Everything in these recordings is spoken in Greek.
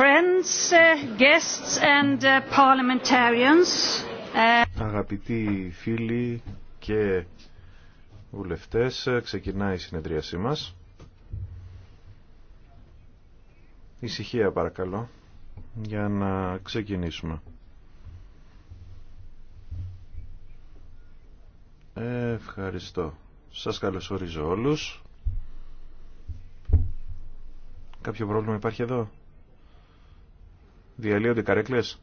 Uh, uh, uh, Αγαπητοί φίλοι και βουλευτές, ξεκινάει η συνεδρίασή μας. Ησυχία παρακαλώ, για να ξεκινήσουμε. Ευχαριστώ. Σας καλωσορίζω όλους. Κάποιο πρόβλημα υπάρχει εδώ διαλύονται καρέκλες.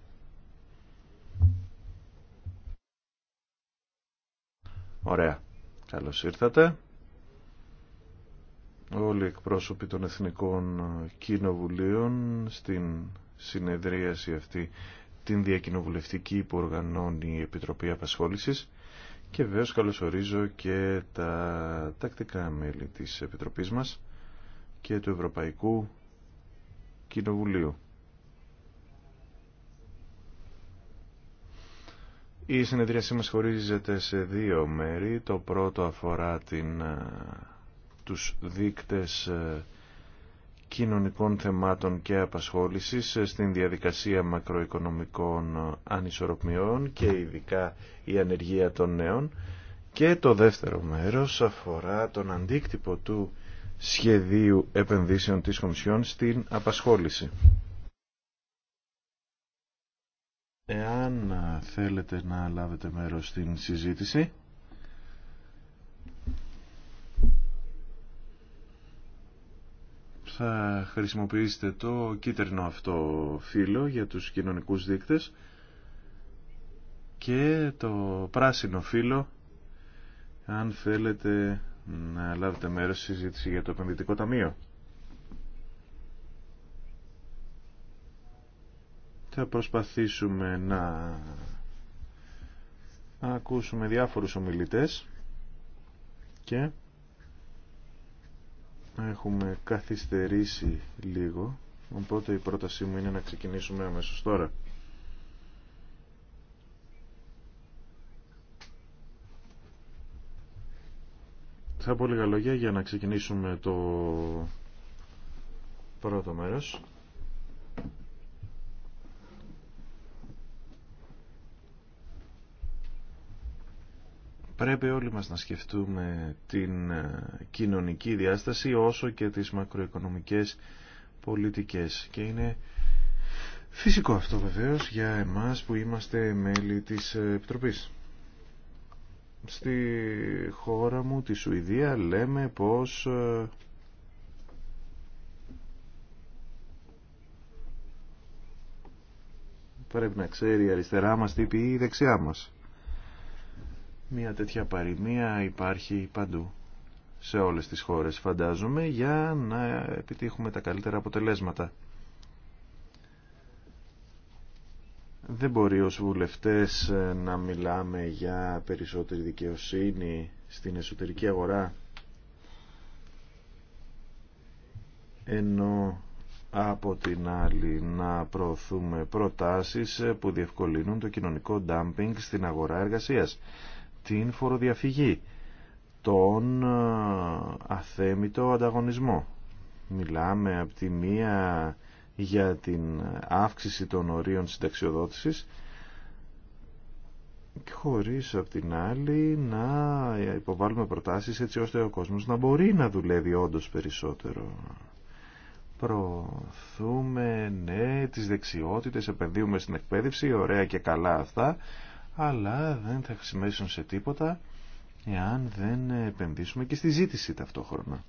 Ωραία. Καλώς ήρθατε. Όλοι οι εκπρόσωποι των Εθνικών Κοινοβουλίων στην συνεδρίαση αυτή την διακοινοβουλευτική που οργανώνει η Επιτροπή Απασχόλησης και βεβαίως καλωσορίζω και τα τακτικά μέλη της Επιτροπής μας και του Ευρωπαϊκού Κοινοβουλίου. Η συνεδρίασή μας χωρίζεται σε δύο μέρη. Το πρώτο αφορά την, ε, τους δείκτες ε, κοινωνικών θεμάτων και απασχόλησης ε, στην διαδικασία μακροοικονομικών ανισορροπιών και ειδικά η ανεργία των νέων. Και το δεύτερο μέρος αφορά τον αντίκτυπο του σχεδίου επενδύσεων της Κομισιόν στην απασχόληση. Εάν θέλετε να λάβετε μέρος στην συζήτηση, θα χρησιμοποιήσετε το κίτρινο αυτό φύλλο για τους κοινωνικούς δείκτες και το πράσινο φύλλο αν θέλετε να λάβετε μέρος στη συζήτηση για το επενδυτικό ταμείο. θα προσπαθήσουμε να ακούσουμε διάφορους ομιλητές και έχουμε καθυστερήσει λίγο οπότε η πρότασή μου είναι να ξεκινήσουμε αμέσως τώρα θα πω λίγα λόγια για να ξεκινήσουμε το πρώτο μέρος Πρέπει όλοι μας να σκεφτούμε την ε, κοινωνική διάσταση όσο και τις μακροοικονομικές πολιτικές. Και είναι φυσικό αυτό βεβαίως για εμάς που είμαστε μέλη της ε, Επιτροπής. Στη χώρα μου, τη Σουηδία, λέμε πως ε, πρέπει να ξέρει η αριστερά μας τι πει η δεξιά μας. Μια τέτοια παροιμία υπάρχει παντού σε όλες τις χώρες φαντάζομαι για να επιτύχουμε τα καλύτερα αποτελέσματα. Δεν μπορεί ως βουλευτές ε, να μιλάμε για περισσότερη δικαιοσύνη στην εσωτερική αγορά ενώ από την άλλη να προωθούμε προτάσεις ε, που διευκολύνουν το κοινωνικό ντάμπινγκ στην αγορά εργασίας την φοροδιαφυγή, τον ε, αθέμητο ανταγωνισμό. Μιλάμε από τη μία για την αύξηση των ορίων συνταξιοδότησης χωρίς από την άλλη να υποβάλουμε προτάσεις έτσι ώστε ο κόσμος να μπορεί να δουλεύει όντως περισσότερο. Προωθούμε, ναι, τις δεξιότητες, επενδύουμε στην εκπαίδευση, ωραία και καλά αυτά, αλλά δεν θα χρησιμεύσουν σε τίποτα εάν δεν επενδύσουμε και στη ζήτηση ταυτόχρονα.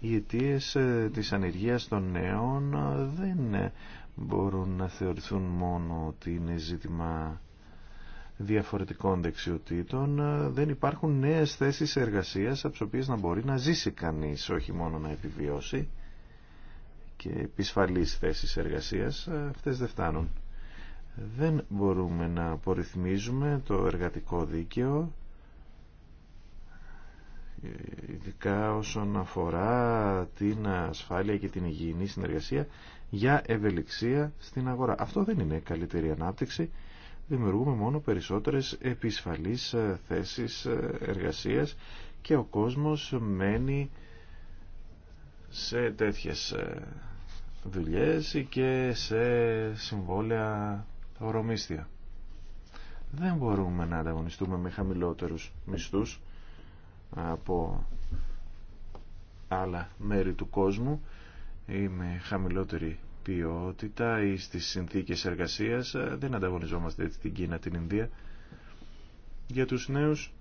Οι αιτίε ε, της ανεργίας των νέων ε, δεν ε, μπορούν να θεωρηθούν μόνο ότι είναι ζήτημα διαφορετικών δεξιοτήτων. Δεν υπάρχουν νέες θέσεις εργασίας από τις οποίες να μπορεί να ζήσει κανείς, όχι μόνο να επιβιώσει και επισφαλείς θέσεις εργασίας. Αυτές δεν φτάνουν δεν μπορούμε να απορριθμίζουμε το εργατικό δίκαιο ειδικά όσον αφορά την ασφάλεια και την υγιεινή συνεργασία για ευελιξία στην αγορά. Αυτό δεν είναι καλύτερη ανάπτυξη. Δημιουργούμε μόνο περισσότερες επισφαλείς θέσεις εργασίας και ο κόσμος μένει σε τέτοιες δουλειές και σε συμβόλαια δεν μπορούμε να ανταγωνιστούμε με χαμηλότερους μισθούς από άλλα μέρη του κόσμου ή με χαμηλότερη ποιότητα ή στις συνθήκες εργασίας. Δεν ανταγωνιζόμαστε την Κίνα, την Ινδία. Για τους νέους,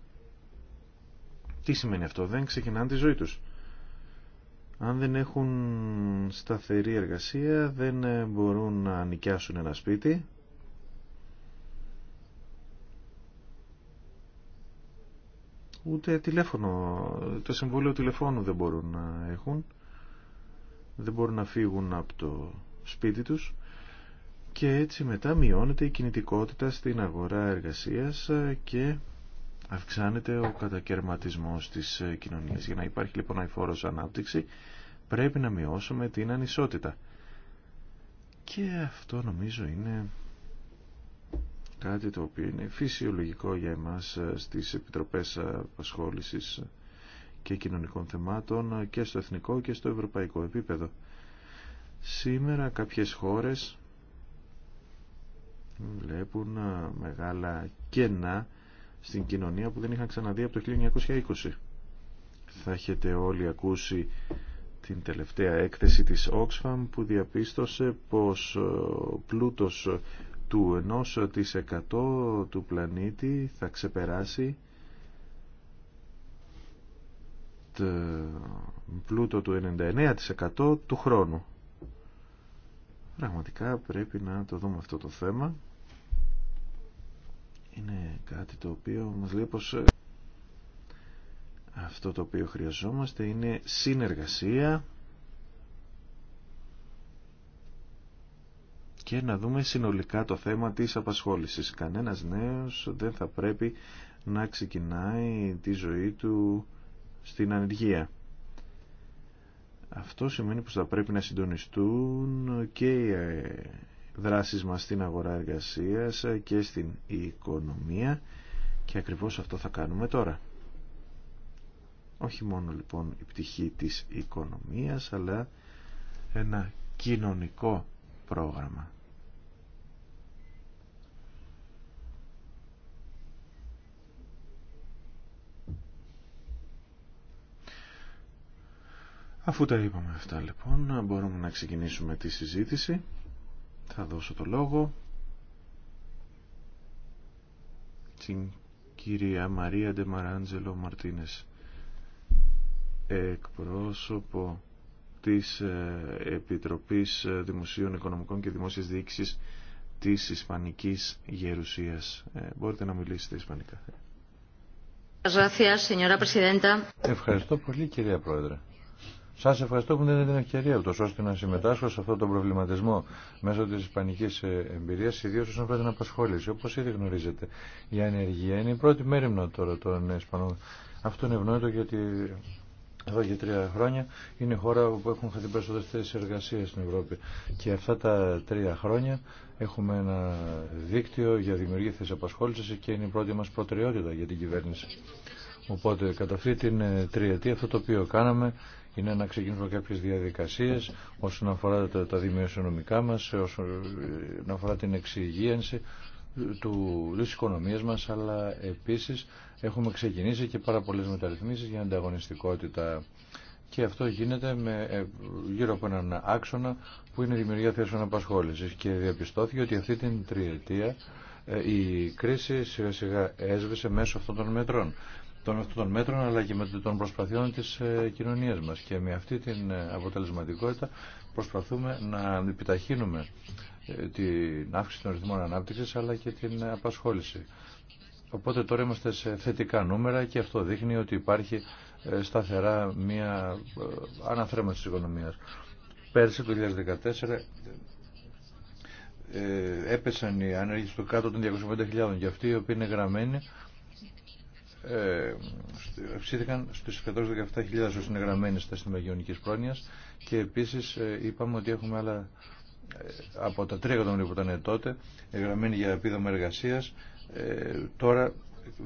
τι σημαίνει αυτό, δεν ξεκινάνε τη ζωή τους. Αν δεν έχουν σταθερή εργασία, δεν μπορούν να νοικιάσουν ένα σπίτι, ούτε τηλέφωνο, το συμβόλαιο τηλεφώνου δεν μπορούν να έχουν, δεν μπορούν να φύγουν από το σπίτι τους και έτσι μετά μειώνεται η κινητικότητα στην αγορά εργασίας και αυξάνεται ο κατακαιρματισμός της κοινωνίας. Για να υπάρχει λοιπόν αηφόρος ανάπτυξη πρέπει να μειώσουμε την ανισότητα. Και αυτό νομίζω είναι κάτι το οποίο είναι φυσιολογικό για εμάς ε, στις Επιτροπές ε, Απασχόλησης και Κοινωνικών Θεμάτων ε, και στο εθνικό και στο ευρωπαϊκό επίπεδο. Σήμερα κάποιες χώρες βλέπουν μεγάλα κένα στην κοινωνία που δεν είχαν ξαναδεί από το 1920. Θα έχετε όλοι ακούσει την τελευταία έκθεση της Oxfam που διαπίστωσε πως ο πλούτος του 1% του πλανήτη θα ξεπεράσει το πλούτο του 99% του χρόνου. Πραγματικά πρέπει να το δούμε αυτό το θέμα. Είναι κάτι το οποίο μας λέει πως ε, αυτό το οποίο χρειαζόμαστε είναι συνεργασία και να δούμε συνολικά το θέμα της απασχόλησης. Κανένας νέος δεν θα πρέπει να ξεκινάει τη ζωή του στην ανεργία. Αυτό σημαίνει πως θα πρέπει να συντονιστούν και οι ε, δράσεις μας στην αγορά εργασίας και στην οικονομία και ακριβώς αυτό θα κάνουμε τώρα. Όχι μόνο λοιπόν η πτυχή της οικονομίας αλλά ένα κοινωνικό πρόγραμμα Αφού τα είπαμε αυτά λοιπόν, μπορούμε να ξεκινήσουμε τη συζήτηση. Θα δώσω το λόγο στην κυρία Μαρία Ντεμαράντζελο Μαρτίνες, εκπρόσωπο της ε, Επιτροπής Δημοσίων Οικονομικών και Δημόσιας Διοίκησης της Ισπανικής Γερουσίας. Ε, μπορείτε να μιλήσετε ισπανικά. Ευχαριστώ πολύ κυρία Πρόεδρε. Σά ευχαριστώ που δίνετε την ευκαιρία ούτως ώστε να συμμετάσχω σε αυτόν τον προβληματισμό μέσω τη ισπανική ε, εμπειρία, ιδίω όσον αφορά την απασχόληση. Όπω ήδη γνωρίζετε, η ανεργία είναι η πρώτη μέρημνα τώρα των Ισπανών. Αυτό είναι ευνόητο γιατί εδώ και τρία χρόνια είναι η χώρα που έχουν χαθεί περισσότερε θέσει εργασία στην Ευρώπη. Και αυτά τα τρία χρόνια έχουμε ένα δίκτυο για δημιουργία θέση απασχόληση και είναι η πρώτη μα προτεραιότητα για την κυβέρνηση. Οπότε κατά αυτή την ε, τριετία αυτό το οποίο κάναμε είναι να ξεκινήσουμε κάποιες διαδικασίες όσον αφορά τα, τα δημοσιονομικά μας, όσον ε, αφορά την εξυγίανση του, της οικονομίας μας, αλλά επίσης έχουμε ξεκινήσει και πάρα πολλές μεταρρυθμίσεις για ανταγωνιστικότητα. Και αυτό γίνεται με, ε, γύρω από έναν άξονα που είναι η δημιουργία θέσεων απασχόλησης και διαπιστώθηκε ότι αυτή την τριετία ε, η κρίση σιγά σιγά έσβησε μέσω αυτών των μετρών των αυτών των μέτρων αλλά και με των προσπαθειών της ε, κοινωνίας μας και με αυτή την ε, αποτελεσματικότητα προσπαθούμε να επιταχύνουμε ε, την αύξηση των ρυθμών ανάπτυξης αλλά και την απασχόληση. Οπότε τώρα είμαστε σε θετικά νούμερα και αυτό δείχνει ότι υπάρχει σταθερά μια αναθρέμα της οικονομίας. Πέρσι το 2014 έπεσαν οι ανέργειες του κάτω των 250.000 και αυτοί οι οποίοι είναι γραμμένοι ε, αυξήθηκαν στους 117.000 όσοι είναι γραμμένοι στα γεωνικής πρόνοιας και επίσης ε, είπαμε ότι έχουμε άλλα ε, από τα 3 εκατομμύρια που ήταν τότε γραμμένοι για επίδομα εργασίας ε, τώρα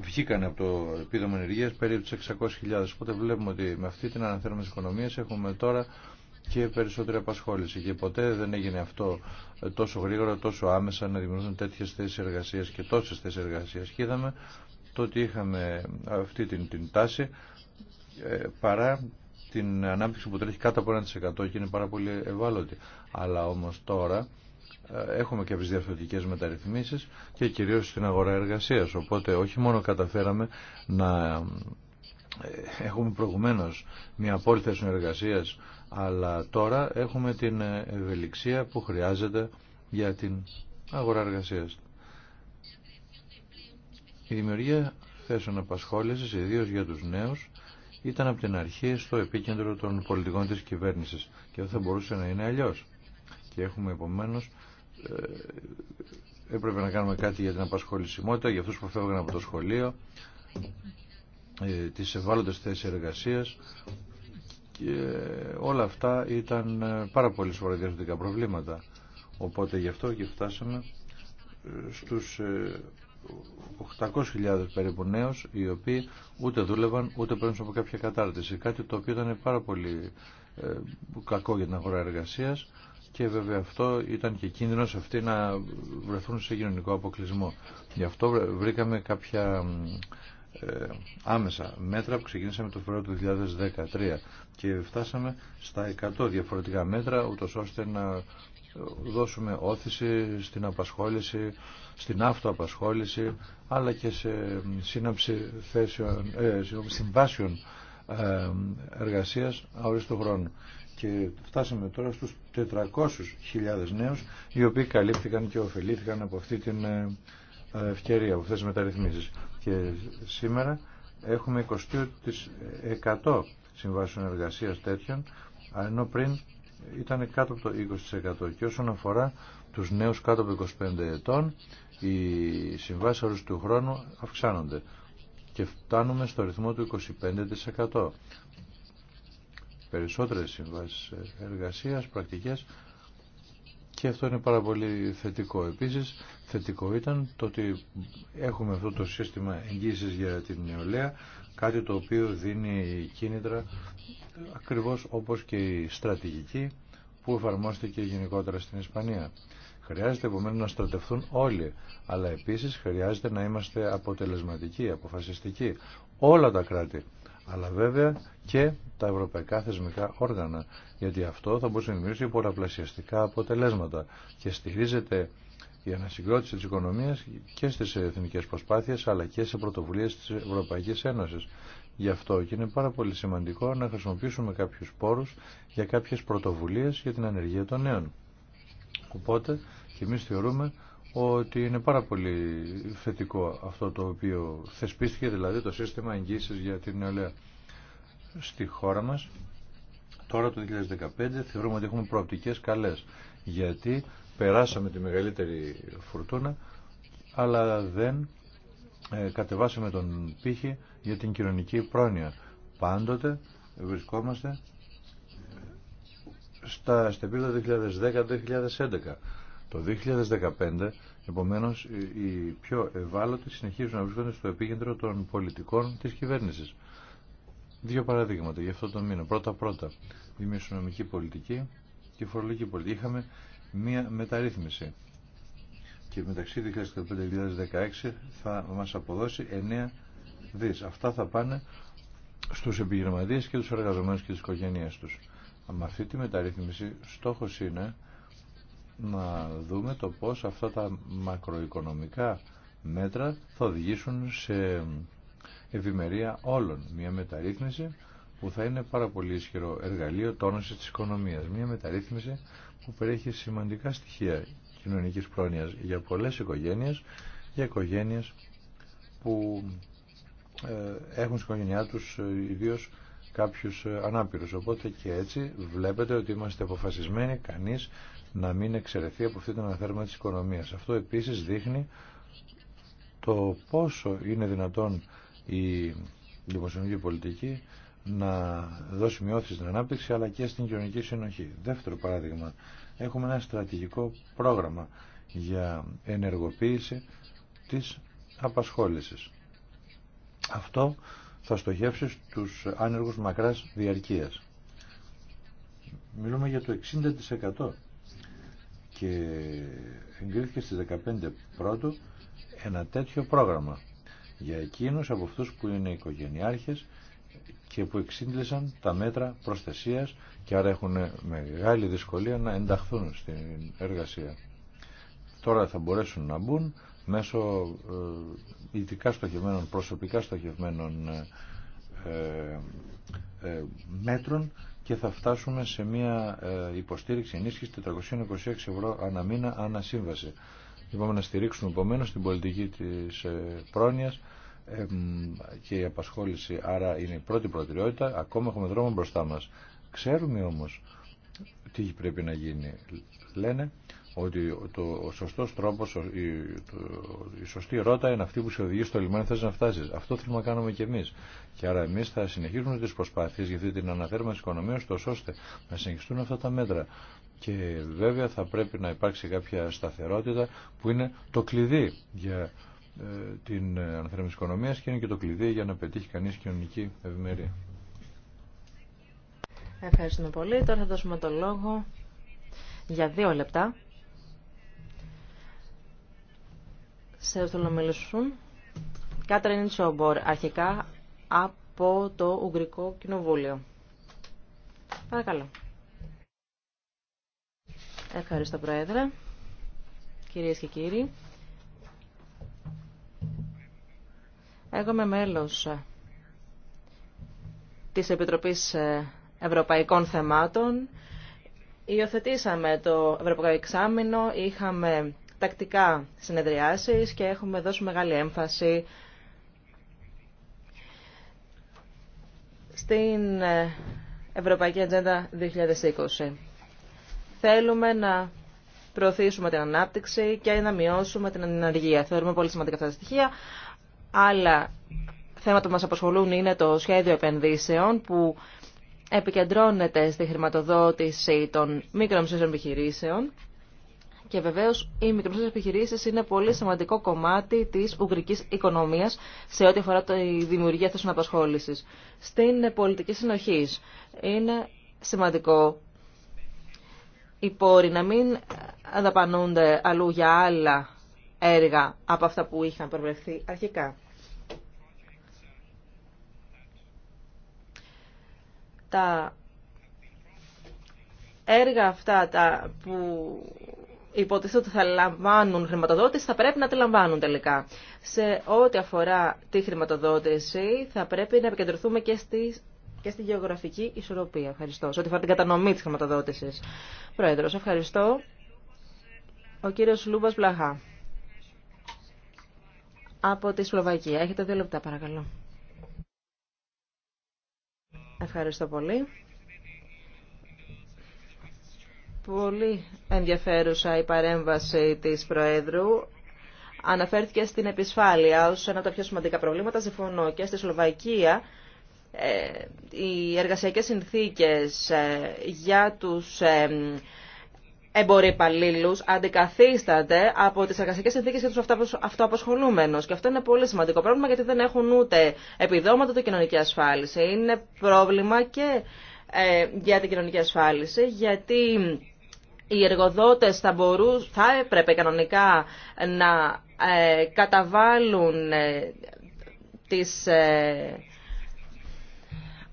βγήκαν από το επίδομα ενεργείας περίπου τις 600.000 οπότε βλέπουμε ότι με αυτή την αναθέρωμα της οικονομίας έχουμε τώρα και περισσότερη απασχόληση. Και ποτέ δεν έγινε αυτό τόσο γρήγορα, τόσο άμεσα να δημιουργούν τέτοιε θέσει εργασία και τόσε θέσει εργασία. Και είδαμε το ότι είχαμε αυτή την, την τάση ε, παρά την ανάπτυξη που τρέχει κάτω από 1% και είναι πάρα πολύ ευάλωτη. Αλλά όμως τώρα ε, έχουμε και τις μεταρρυθμίσεις και κυρίως στην αγορά εργασίας. Οπότε όχι μόνο καταφέραμε να ε, έχουμε προηγουμένως μια απόλυτη εργασίας αλλά τώρα έχουμε την ευελιξία που χρειάζεται για την αγορά εργασίας. Η δημιουργία θέσεων απασχόλησης, ιδίω για τους νέους, ήταν από την αρχή στο επίκεντρο των πολιτικών της κυβέρνησης και δεν θα μπορούσε να είναι αλλιώς. Και έχουμε επομένως ε, έπρεπε να κάνουμε κάτι για την απασχολησιμότητα, για αυτούς που φεύγαν από το σχολείο, ε, τις ευάλωτες θέσεις εργασίας και όλα αυτά ήταν ε, πάρα πολύ σοβαρά προβλήματα. Οπότε γι' αυτό και φτάσαμε στους 800.000 περίπου νέου, οι οποίοι ούτε δούλευαν ούτε παίρνουν από κάποια κατάρτιση. Κάτι το οποίο ήταν πάρα πολύ ε, κακό για την αγορά εργασία και βέβαια αυτό ήταν και κίνδυνος αυτοί να βρεθούν σε κοινωνικό αποκλεισμό. Γι' αυτό βρήκαμε κάποια ε, άμεσα μέτρα που ξεκίνησαμε το Φεβρουάριο του 2013 και φτάσαμε στα 100 διαφορετικά μέτρα ούτως ώστε να ε, δώσουμε όθηση στην απασχόληση στην αυτοαπασχόληση αλλά και σε σύναψη θέσεων, ε, συμβάσεων ε, εργασίας αορίστου χρόνου. Και φτάσαμε τώρα στους 400.000 νέους οι οποίοι καλύφθηκαν και ωφελήθηκαν από αυτή την ε, ευκαιρία, από αυτές τις μεταρρυθμίσεις. Και σήμερα έχουμε 20% συμβάσεων εργασίας τέτοιων, ενώ πριν ήταν κάτω από το 20%. Και όσον αφορά τους νέους κάτω από 25 ετών οι συμβάσεις του χρόνου αυξάνονται και φτάνουμε στο ρυθμό του 25%. Περισσότερες συμβάσεις εργασίας, πρακτικές και αυτό είναι πάρα πολύ θετικό. Επίσης, θετικό ήταν το ότι έχουμε αυτό το σύστημα εγγύησης για την νεολαία, κάτι το οποίο δίνει κίνητρα ακριβώς όπως και η στρατηγική που εφαρμόστηκε γενικότερα στην Ισπανία. Χρειάζεται επομένως να στρατευτούν όλοι, αλλά επίσης χρειάζεται να είμαστε αποτελεσματικοί, αποφασιστικοί, όλα τα κράτη, αλλά βέβαια και τα ευρωπαϊκά θεσμικά όργανα, γιατί αυτό θα μπορούσε να δημιουργήσει πολλαπλασιαστικά αποτελέσματα και στηρίζεται η ανασυγκρότηση της οικονομίας και στις εθνικές προσπάθειες αλλά και σε πρωτοβουλίες της Ευρωπαϊκής Ένωσης. Γι' αυτό και είναι πάρα πολύ σημαντικό να χρησιμοποιήσουμε κάποιους πόρους για κάποιες πρωτοβουλίες για την ανεργία των νέων. Οπότε και εμείς θεωρούμε ότι είναι πάρα πολύ θετικό αυτό το οποίο θεσπίστηκε, δηλαδή το σύστημα εγγύησης για την νεολαία στη χώρα μας. Τώρα το 2015 θεωρούμε ότι έχουμε προοπτικές καλές, γιατί περάσαμε τη μεγαλύτερη φουρτούνα, αλλά δεν ε, κατεβάσαμε τον πύχη για την κοινωνική πρόνοια. Πάντοτε βρισκόμαστε στα, στα επίπεδα 2010-2011. Το 2015, επομένως, οι πιο ευάλωτοι συνεχίζουν να βρίσκονται στο επίκεντρο των πολιτικών της κυβέρνησης. Δύο παραδείγματα για αυτό το μήνα. Πρώτα-πρώτα, μισονομική πολιτική και φορολογική πολιτική. Είχαμε μία μεταρρύθμιση και μεταξύ 2015-2016 θα μας αποδώσει 9 δις. Αυτά θα πάνε στους επιχειρηματίες και τους εργαζομένους και τις οικογένειές τους με αυτή τη μεταρρύθμιση στόχος είναι να δούμε το πώς αυτά τα μακροοικονομικά μέτρα θα οδηγήσουν σε ευημερία όλων. Μια μεταρρύθμιση που θα είναι πάρα πολύ ισχυρό εργαλείο τόνωσης της οικονομίας. Μια μεταρρύθμιση που περιέχει σημαντικά στοιχεία κοινωνικής πρόνοιας για πολλές οικογένειες, για οικογένειες που ε, έχουν στην οικογένειά τους ε, ιδίως κάποιους ε, ανάπηρους. Οπότε και έτσι βλέπετε ότι είμαστε αποφασισμένοι κανείς να μην εξαιρεθεί από αυτή την αναθέρμα της οικονομίας. Αυτό επίσης δείχνει το πόσο είναι δυνατόν η δημοσιονομική πολιτική να δώσει μειώσει στην ανάπτυξη αλλά και στην κοινωνική συνοχή. Δεύτερο παράδειγμα, έχουμε ένα στρατηγικό πρόγραμμα για ενεργοποίηση της απασχόλησης. Αυτό θα στοχεύσει στους άνεργους μακράς διαρκείας. Μιλούμε για το 60% και εγκρίθηκε στις 15 πρώτου ένα τέτοιο πρόγραμμα για εκείνους από αυτούς που είναι οικογενειάρχες και που εξύντλησαν τα μέτρα προστασίας και άρα έχουν μεγάλη δυσκολία να ενταχθούν στην εργασία. Τώρα θα μπορέσουν να μπουν μέσω ε, ειδικά στοχευμένων, προσωπικά στοχευμένων ε, ε, ε, μέτρων και θα φτάσουμε σε μια ε, υποστήριξη ενίσχυση 426 ευρώ ανά μήνα ανά σύμβαση. Είπαμε λοιπόν, να στηρίξουμε επομένω την πολιτική της πρόνοιας και η απασχόληση άρα είναι η πρώτη προτεραιότητα ακόμα έχουμε δρόμο μπροστά μας ξέρουμε όμως τι πρέπει να γίνει λένε ότι το, ο σωστό τρόπο, η, η, σωστή ρότα είναι αυτή που σε οδηγεί στο λιμάνι θες να φτάσει. Αυτό θέλουμε να κάνουμε κι εμεί. Και άρα εμεί θα συνεχίσουμε τι προσπάθειε για την αναθέρμανση τη οικονομία, ώστε να συνεχιστούν αυτά τα μέτρα. Και βέβαια θα πρέπει να υπάρξει κάποια σταθερότητα που είναι το κλειδί για ε, την αναθέρμανση τη οικονομία και είναι και το κλειδί για να πετύχει κανεί κοινωνική ευημερία. Ευχαριστούμε πολύ. Τώρα θα δώσουμε το λόγο για δύο λεπτά σε θέλω να μιλήσουν. Κάτριν Σόμπορ, αρχικά από το Ουγγρικό Κοινοβούλιο. Παρακαλώ. Ευχαριστώ, Πρόεδρε. Κυρίες και κύριοι. Εγώ είμαι μέλος ε, της Επιτροπής ε, Ευρωπαϊκών Θεμάτων. Υιοθετήσαμε το Ευρωπαϊκό Εξάμεινο, είχαμε τακτικά συνεδριάσεις και έχουμε δώσει μεγάλη έμφαση στην ε, Ευρωπαϊκή Ατζέντα 2020. Θέλουμε να προωθήσουμε την ανάπτυξη και να μειώσουμε την ανεργία. Θεωρούμε πολύ σημαντικά αυτά τα στοιχεία. Άλλα θέματα που μας απασχολούν είναι το σχέδιο επενδύσεων που επικεντρώνεται στη χρηματοδότηση των μικρομεσαίων επιχειρήσεων και βεβαίω οι μικρομεσαίε επιχειρήσει είναι πολύ σημαντικό κομμάτι τη ουγγρική οικονομία σε ό,τι αφορά τη δημιουργία θέσεων απασχόληση. Στην πολιτική συνοχή είναι σημαντικό οι πόροι να μην δαπανούνται αλλού για άλλα έργα από αυτά που είχαν προβλεφθεί αρχικά. Τα έργα αυτά τα που υποτίθεται ότι θα λαμβάνουν χρηματοδότηση, θα πρέπει να τη λαμβάνουν τελικά. Σε ό,τι αφορά τη χρηματοδότηση, θα πρέπει να επικεντρωθούμε και στη, και στη γεωγραφική ισορροπία. Ευχαριστώ. Σε ό,τι αφορά την κατανομή τη χρηματοδότηση. Πρόεδρος, ευχαριστώ. Ο κύριος Λούμπα Βλαχά. Από τη Σλοβακία. Έχετε δύο λεπτά, παρακαλώ. Ευχαριστώ πολύ πολύ ενδιαφέρουσα η παρέμβαση της Προέδρου. Αναφέρθηκε στην επισφάλεια ως ένα από τα πιο σημαντικά προβλήματα. Συμφωνώ και στη Σλοβακία ε, οι ε, ε, εργασιακές συνθήκες για τους υπαλλήλου αντικαθίστανται από τι εργασιακέ συνθήκε για του αυτοαπασχολούμενου. Και αυτό είναι πολύ σημαντικό πρόβλημα γιατί δεν έχουν ούτε επιδόματα ούτε κοινωνική ασφάλιση. Είναι πρόβλημα και για την κοινωνική ασφάλιση γιατί οι εργοδότες θα, μπορούν, θα έπρεπε κανονικά να ε, καταβάλουν ε, τις ε,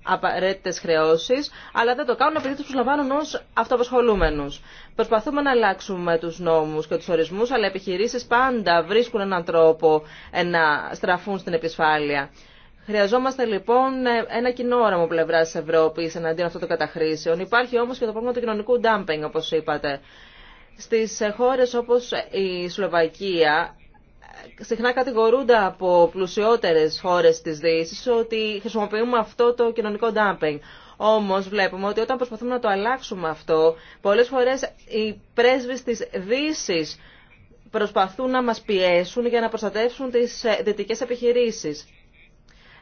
απαραίτητες χρεώσεις, αλλά δεν το κάνουν επειδή τους λαμβάνουν ως αυτοαπασχολούμενους. Προσπαθούμε να αλλάξουμε τους νόμους και τους ορισμούς, αλλά επιχειρήσεις πάντα βρίσκουν έναν τρόπο ε, να στραφούν στην επισφάλεια. Χρειαζόμαστε λοιπόν ένα κοινό όραμα πλευρά τη Ευρώπη εναντίον αυτών των καταχρήσεων. Υπάρχει όμω και το πρόβλημα του κοινωνικού ντάμπινγκ, όπω είπατε. Στι χώρε όπω η Σλοβακία, συχνά κατηγορούνται από πλουσιότερε χώρε τη Δύση ότι χρησιμοποιούμε αυτό το κοινωνικό ντάμπινγκ. Όμω βλέπουμε ότι όταν προσπαθούμε να το αλλάξουμε αυτό, πολλέ φορέ οι πρέσβει τη Δύση προσπαθούν να μα πιέσουν για να προστατεύσουν τι ε, δυτικέ επιχειρήσει.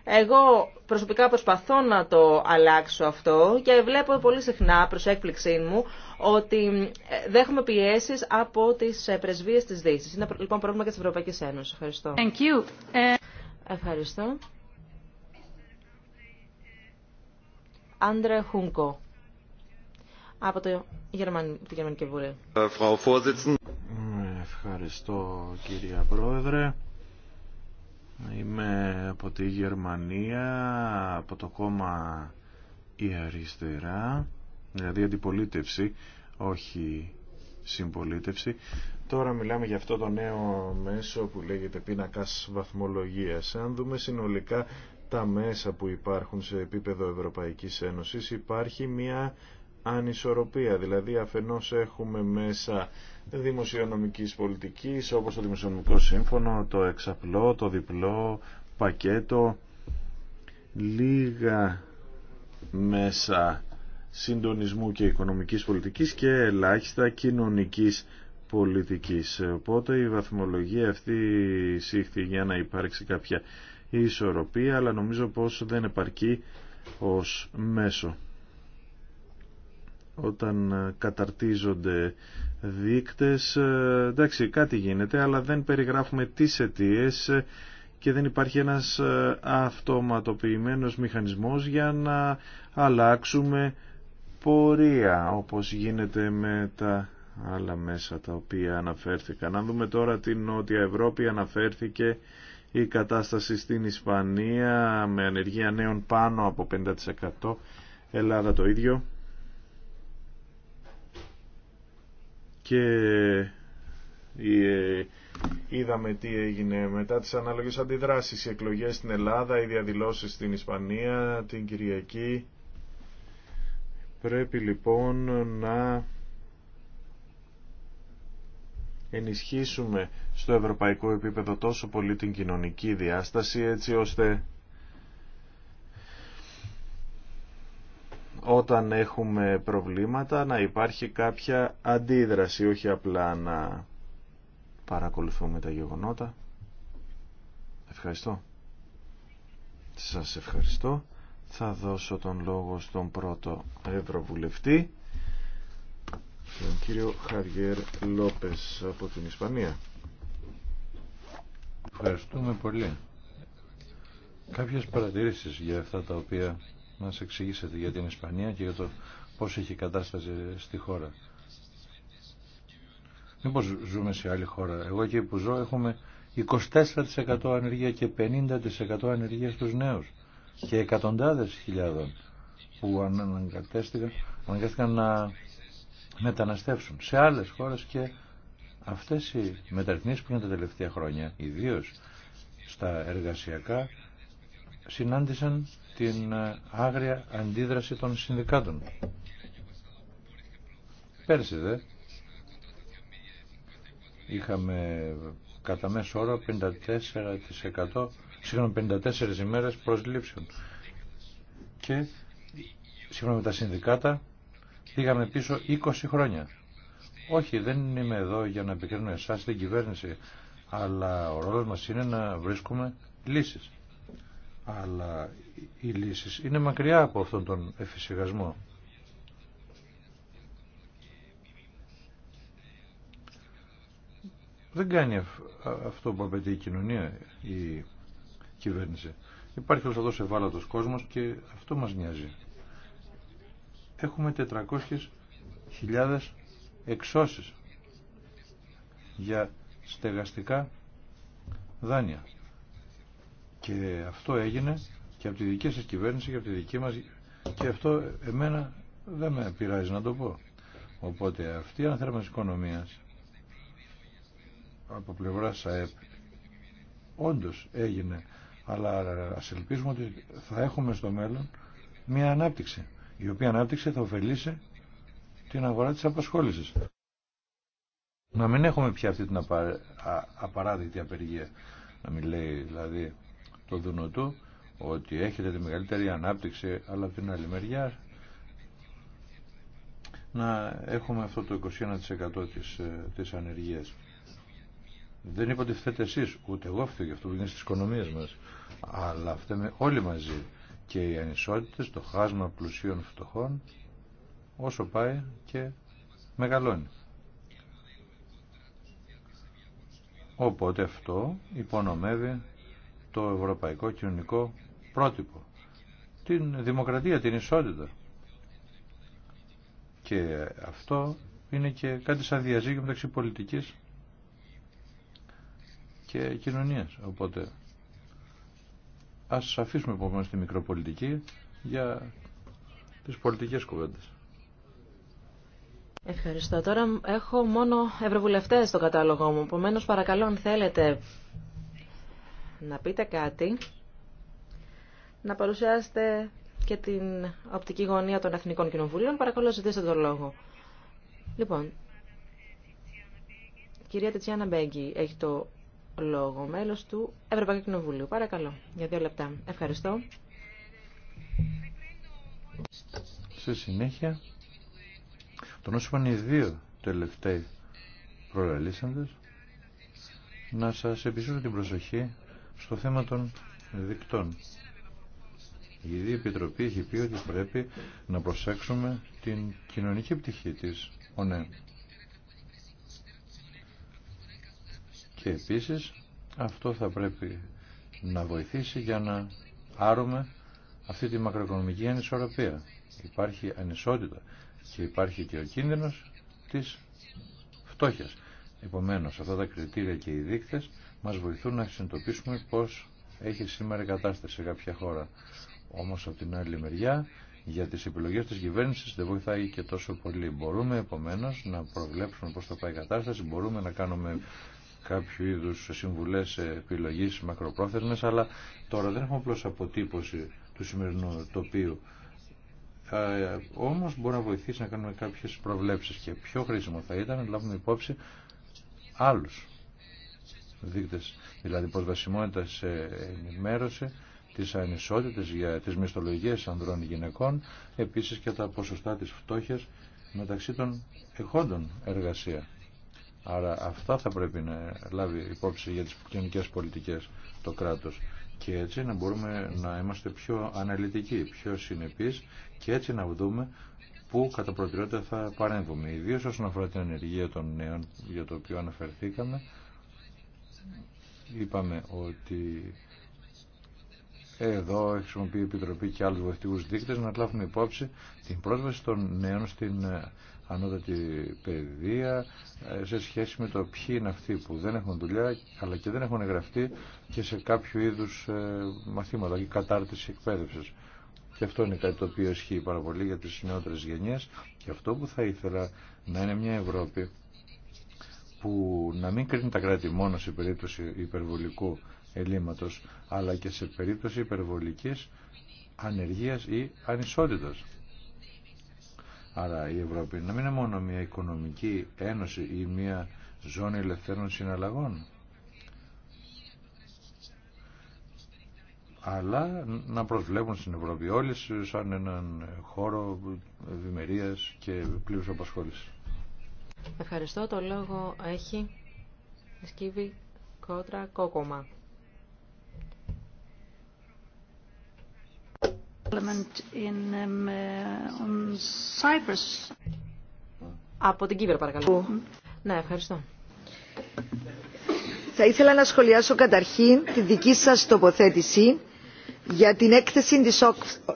Εγώ προσωπικά προσπαθώ να το αλλάξω αυτό και βλέπω πολύ συχνά, προς έκπληξή μου, ότι ε, δέχομαι πιέσεις από τις ε, πρεσβείες της Δύσης. Είναι λοιπόν πρόβλημα και της Ευρωπαϊκής Ένωσης. Ευχαριστώ. Thank you. Ε, ευχαριστώ. Άντρε Χούνκο από το Γερμαν... τη Γερμανική Βουλή. Ευχαριστώ κυρία Πρόεδρε. Είμαι από τη Γερμανία, από το κόμμα η αριστερά, δηλαδή αντιπολίτευση, όχι συμπολίτευση. Τώρα μιλάμε για αυτό το νέο μέσο που λέγεται πίνακας βαθμολογίας. Αν δούμε συνολικά τα μέσα που υπάρχουν σε επίπεδο Ευρωπαϊκής Ένωσης υπάρχει μια ανισορροπία. Δηλαδή αφενός έχουμε μέσα δημοσιονομικής πολιτικής όπως το Δημοσιονομικό Σύμφωνο, το εξαπλό, το διπλό, πακέτο, λίγα μέσα συντονισμού και οικονομικής πολιτικής και ελάχιστα κοινωνικής πολιτικής. Οπότε η βαθμολογία αυτή σύχθη για να υπάρξει κάποια ισορροπία, αλλά νομίζω πως δεν επαρκεί ως μέσο όταν ε, καταρτίζονται δείκτες. Ε, εντάξει, κάτι γίνεται, αλλά δεν περιγράφουμε τις αιτίε ε, και δεν υπάρχει ένας αυτοματοποιημένος μηχανισμός για να αλλάξουμε πορεία, όπως γίνεται με τα άλλα μέσα τα οποία αναφέρθηκαν. Αν δούμε τώρα την Νότια Ευρώπη αναφέρθηκε η κατάσταση στην Ισπανία με ανεργία νέων πάνω από 50%. Ελλάδα το ίδιο. και ε, ε, είδαμε τι έγινε μετά τις ανάλογες αντιδράσεις, οι εκλογές στην Ελλάδα, οι διαδηλώσεις στην Ισπανία, την Κυριακή. Πρέπει λοιπόν να ενισχύσουμε στο ευρωπαϊκό επίπεδο τόσο πολύ την κοινωνική διάσταση έτσι ώστε όταν έχουμε προβλήματα να υπάρχει κάποια αντίδραση, όχι απλά να παρακολουθούμε τα γεγονότα. Ευχαριστώ. Σας ευχαριστώ. Θα δώσω τον λόγο στον πρώτο Ευρωβουλευτή, τον κύριο Χαριέρ Λόπες από την Ισπανία. Ευχαριστούμε πολύ. Κάποιες παρατηρήσεις για αυτά τα οποία να μας εξηγήσετε για την Ισπανία και για το πώς έχει κατάσταση στη χώρα. Μήπως ζούμε σε άλλη χώρα. Εγώ εκεί που ζω έχουμε 24% ανεργία και 50% ανεργία στους νέους και εκατοντάδες χιλιάδων που αναγκατέστηκαν, αναγκαστήκαν να μεταναστεύσουν σε άλλες χώρες και αυτές οι μεταρρυθμίσεις που είναι τα τελευταία χρόνια, ιδίως στα εργασιακά συνάντησαν την ε, άγρια αντίδραση των συνδικάτων. Πέρσι δε είχαμε κατά μέσο όρο 54% σύγχρονα 54 ημέρες προσλήψεων και σύγχρονα με τα συνδικάτα πήγαμε πίσω 20 χρόνια. Όχι, δεν είμαι εδώ για να επικρίνω εσάς την κυβέρνηση, αλλά ο ρόλος μας είναι να βρίσκουμε λύσεις αλλά οι λύσεις είναι μακριά από αυτόν τον εφησυχασμό. Δεν κάνει αυτό που απαιτεί η κοινωνία, η κυβέρνηση. Υπάρχει ο αυτός ευάλωτος κόσμος και αυτό μας νοιάζει. Έχουμε 400.000 εξώσεις για στεγαστικά δάνεια. Και αυτό έγινε και από τη δική σας κυβέρνηση και από τη δική μας και αυτό εμένα δεν με πειράζει να το πω. Οπότε αυτή η αναθέρμανση οικονομία από πλευρά ΣΑΕΠ όντως έγινε αλλά ας ελπίσουμε ότι θα έχουμε στο μέλλον μια ανάπτυξη η οποία ανάπτυξη θα ωφελήσει την αγορά της απασχόλησης. Να μην έχουμε πια αυτή την απαράδεκτη απεργία. Να μην λέει δηλαδή το Δουνουτού ότι έχετε τη μεγαλύτερη ανάπτυξη αλλά από την άλλη μεριά να έχουμε αυτό το 21% της, ε, της ανεργίας. Δεν είπα ότι φταίτε εσείς, ούτε εγώ φταίω για αυτό που είναι στις οικονομίες μας, αλλά φταίμε όλοι μαζί και οι ανισότητες, το χάσμα πλουσίων φτωχών, όσο πάει και μεγαλώνει. Οπότε αυτό υπονομεύει το ευρωπαϊκό κοινωνικό πρότυπο, την δημοκρατία, την ισότητα. Και αυτό είναι και κάτι σαν διαζύγιο μεταξύ πολιτικής και κοινωνίας. Οπότε ας αφήσουμε επομένως τη μικροπολιτική για τις πολιτικές κουβέντες. Ευχαριστώ. Τώρα έχω μόνο ευρωβουλευτές στο κατάλογο μου. Επομένω, παρακαλώ αν θέλετε να πείτε κάτι, να παρουσιάσετε και την οπτική γωνία των Εθνικών Κοινοβουλίων. Παρακαλώ, ζητήστε τον λόγο. Λοιπόν, κυρία Τετσιάνα Μπέγκη έχει το λόγο, μέλος του Ευρωπαϊκού Κοινοβουλίου. Παρακαλώ, για δύο λεπτά. Ευχαριστώ. Σε συνέχεια, τον όσο είπαν οι δύο τελευταίοι προλαλήσαντες, να σας επισύρω την προσοχή στο θέμα των δικτών. Η Επιτροπή έχει πει ότι πρέπει να προσέξουμε την κοινωνική πτυχή της ωνέ Και επίσης αυτό θα πρέπει να βοηθήσει για να άρουμε αυτή τη μακροοικονομική ανισορροπία. Υπάρχει ανισότητα και υπάρχει και ο κίνδυνος της φτώχειας. Επομένως, αυτά τα κριτήρια και οι δείκτες μας βοηθούν να συνειδητοποιήσουμε πώς έχει σήμερα η κατάσταση σε κάποια χώρα. Όμως, από την άλλη μεριά, για τις επιλογές της κυβέρνηση δεν βοηθάει και τόσο πολύ. Μπορούμε, επομένως, να προβλέψουμε πώς θα πάει η κατάσταση, μπορούμε να κάνουμε κάποιο είδους συμβουλές επιλογής μακροπρόθεσμες, αλλά τώρα δεν έχουμε απλώς αποτύπωση του σημερινού τοπίου. Ε, όμως μπορεί να βοηθήσει να κάνουμε κάποιες προβλέψεις και πιο χρήσιμο θα ήταν να λάβουμε υπόψη άλλους δείκτες, δηλαδή προσβασιμότητα σε ενημέρωση, τις ανισότητες για τις μισθολογίες ανδρών γυναικών, επίσης και τα ποσοστά της φτώχειας μεταξύ των εχόντων εργασία. Άρα αυτά θα πρέπει να λάβει υπόψη για τις κοινωνικέ πολιτικές το κράτος. Και έτσι να μπορούμε να είμαστε πιο αναλυτικοί, πιο συνεπείς και έτσι να δούμε που κατά προτεραιότητα θα παρέμβουμε, ιδίω όσον αφορά την ενεργεία των νέων για το οποίο αναφερθήκαμε. Είπαμε ότι εδώ χρησιμοποιεί η Επιτροπή και άλλου βοηθητικούς δείκτες να λάβουμε υπόψη την πρόσβαση των νέων στην ε, ανώτατη παιδεία ε, σε σχέση με το ποιοι είναι αυτοί που δεν έχουν δουλειά αλλά και δεν έχουν εγγραφεί και σε κάποιο είδους ε, μαθήματα και δηλαδή κατάρτιση εκπαίδευσης. Και αυτό είναι κάτι το οποίο ισχύει πάρα πολύ για τις νεότερες γενιές και αυτό που θα ήθελα να είναι μια Ευρώπη που να μην κρίνει τα κράτη μόνο σε περίπτωση υπερβολικού ελλείμματος αλλά και σε περίπτωση υπερβολικής ανεργίας ή ανισότητας. Άρα η Ευρώπη να μην είναι μόνο μια οικονομική ένωση ή μια ζώνη ελευθέρων συναλλαγών αλλά να προσβλέπουν στην Ευρώπη σαν έναν χώρο ευημερία και πλήρους απασχόληση. Ευχαριστώ. Το λόγο έχει η Σκύβη Κότρα Κόκομα. Um, um, Από την Κύπρο, παρακαλώ. Ναι, ευχαριστώ. Θα ήθελα να σχολιάσω καταρχήν τη δική σας τοποθέτηση για την έκθεση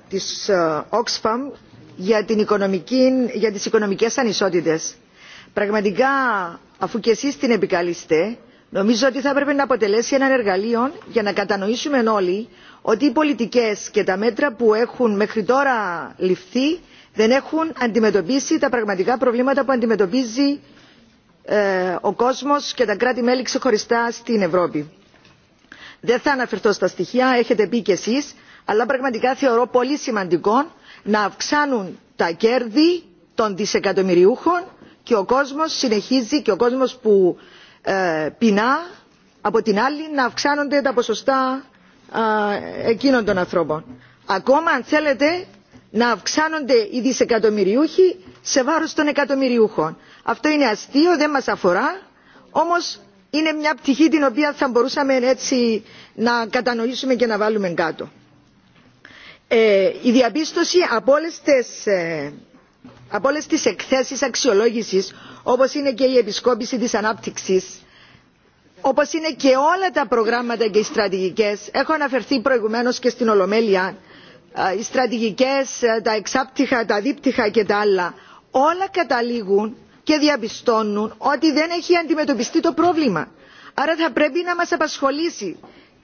της ε, Oxfam για, την οικονομική, για τις οικονομικές ανισότητες. Πραγματικά, αφού και εσείς την επικαλείστε, νομίζω ότι θα έπρεπε να αποτελέσει ένα εργαλείο για να κατανοήσουμε όλοι ότι οι πολιτικές και τα μέτρα που έχουν μέχρι τώρα ληφθεί δεν έχουν αντιμετωπίσει τα πραγματικά προβλήματα που αντιμετωπίζει ε, ο κόσμος και τα κράτη-μέλη ξεχωριστά στην Ευρώπη δεν θα αναφερθώ στα στοιχεία έχετε πει και εσείς αλλά πραγματικά θεωρώ πολύ σημαντικό να αυξάνουν τα κέρδη των δισεκατομμυριούχων και ο κόσμος συνεχίζει και ο κόσμος που ε, πεινά από την άλλη να αυξάνονται τα ποσοστά εκείνων των ανθρώπων. Ακόμα αν θέλετε να αυξάνονται οι δισεκατομμυριούχοι σε βάρος των εκατομμυριούχων. Αυτό είναι αστείο, δεν μας αφορά, όμως είναι μια πτυχή την οποία θα μπορούσαμε έτσι να κατανοήσουμε και να βάλουμε κάτω. Ε, η διαπίστωση από όλες τις, ε, από όλες τις εκθέσεις αξιολόγησης όπως είναι και η επισκόπηση της ανάπτυξης όπως είναι και όλα τα προγράμματα και οι στρατηγικές έχω αναφερθεί προηγουμένως και στην Ολομέλεια ε, οι στρατηγικές, ε, τα εξάπτυχα, τα δίπτυχα και τα άλλα όλα καταλήγουν και διαπιστώνουν ότι δεν έχει αντιμετωπιστεί το πρόβλημα. Άρα θα πρέπει να μας απασχολήσει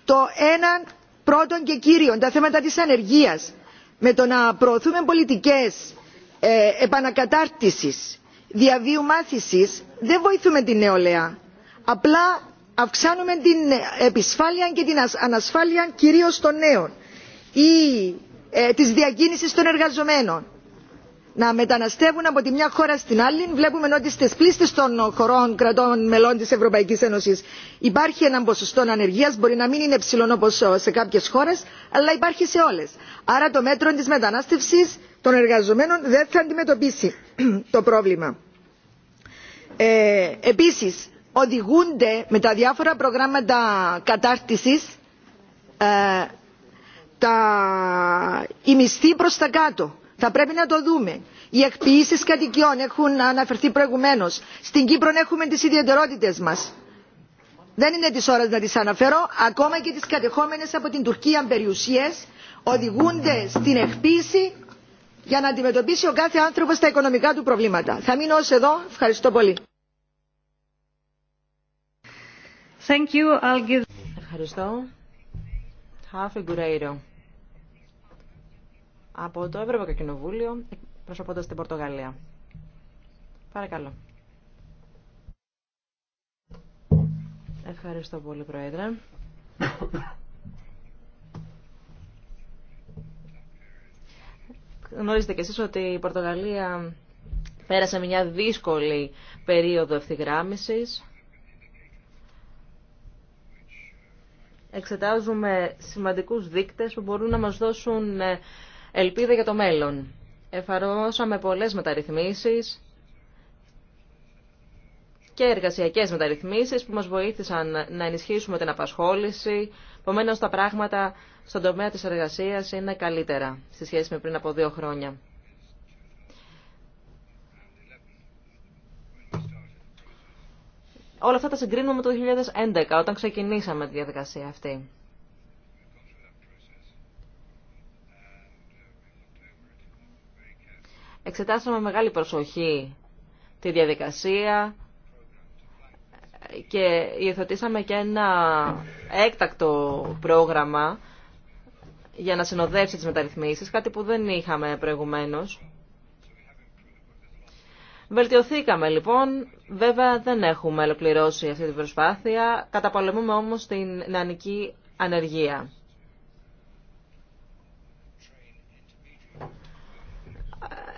το έναν πρώτον και κύριο τα θέματα της ανεργίας, με το να προωθούμε πολιτικές ε, επανακατάρτισης, διαβίου μάθησης, δεν βοηθούμε την νεολαία. Απλά αυξάνουμε την επισφάλεια και την ανασφάλεια κυρίως των νέων ή ε, της διακίνησης των εργαζομένων να μεταναστεύουν από τη μια χώρα στην άλλη βλέπουμε ότι στι πλήστε των χωρών κρατών μελών τη ευρωπαϊκή ένωση υπάρχει ένα ποσοστό ανεργία μπορεί να μην είναι ψηλό όπω σε κάποιε χώρε αλλά υπάρχει σε όλε. άρα το μέτρο τη μετανάστευση των εργαζομένων δεν θα αντιμετωπίσει το πρόβλημα. Ε, επίση οδηγούνται με τα διάφορα προγράμματα κατάρτιση ε, τα... οι μισθοί προ τα κάτω θα πρέπει να το δούμε. οι εκποιήσει κατοικιών έχουν αναφερθεί προηγουμένω. στην κύπρο έχουμε τι ιδιαιτερότητε μα. δεν είναι τη ώρα να τι αναφέρω. ακόμα και τι κατεχόμενε από την τουρκία περιουσίε οδηγούνται στην εκποίηση για να αντιμετωπίσει ο κάθε άνθρωπος τα οικονομικά του προβλήματα. Θα μείνω ω εδώ. Ευχαριστώ πολύ. Thank you. I'll give... Ευχαριστώ από το Ευρωπαϊκό Κοινοβούλιο, προσωπώντας την Πορτογαλία. Παρακαλώ. Ευχαριστώ πολύ, Πρόεδρε. Γνωρίζετε κι εσείς ότι η Πορτογαλία πέρασε μια δύσκολη περίοδο ευθυγράμμισης. Εξετάζουμε σημαντικούς δείκτες που μπορούν να μας δώσουν ε, ελπίδα για το μέλλον. Εφαρμόσαμε πολλές μεταρρυθμίσεις και εργασιακές μεταρρυθμίσεις που μας βοήθησαν να ενισχύσουμε την απασχόληση. Επομένω τα πράγματα στον τομέα της εργασίας είναι καλύτερα στη σχέση με πριν από δύο χρόνια. Όλα αυτά τα συγκρίνουμε με το 2011 όταν ξεκινήσαμε τη διαδικασία αυτή. Εξετάσαμε μεγάλη προσοχή τη διαδικασία και υιοθετήσαμε και ένα έκτακτο πρόγραμμα για να συνοδεύσει τις μεταρρυθμίσεις, κάτι που δεν είχαμε προηγουμένως. Βελτιωθήκαμε λοιπόν, βέβαια δεν έχουμε ολοκληρώσει αυτή την προσπάθεια, καταπολεμούμε όμως την νεανική ανεργία.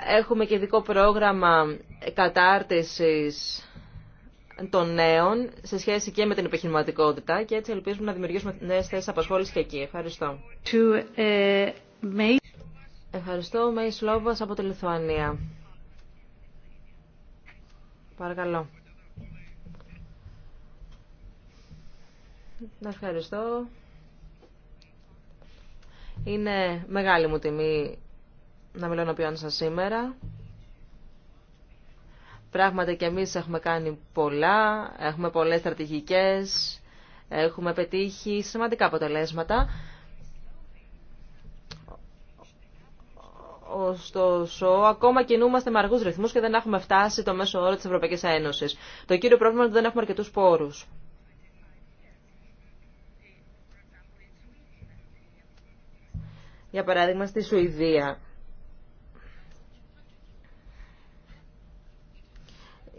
Έχουμε και ειδικό πρόγραμμα κατάρτισης των νέων σε σχέση και με την επιχειρηματικότητα και έτσι ελπίζουμε να δημιουργήσουμε νέες θέσεις απασχόλησης και εκεί. Ευχαριστώ. To, ε, Ευχαριστώ. Μέη Σλόβας από τη Λιθουανία. Παρακαλώ. ευχαριστώ. Είναι μεγάλη μου τιμή να μιλώνω ποιόν σας σήμερα. Πράγματι και εμείς έχουμε κάνει πολλά, έχουμε πολλές στρατηγικές, έχουμε πετύχει σημαντικά αποτελέσματα. Ωστόσο, ακόμα κινούμαστε με αργούς ρυθμούς και δεν έχουμε φτάσει το μέσο όρο της Ευρωπαϊκής Ένωσης. Το κύριο πρόβλημα είναι ότι δεν έχουμε αρκετούς πόρους. Για παράδειγμα, στη Σουηδία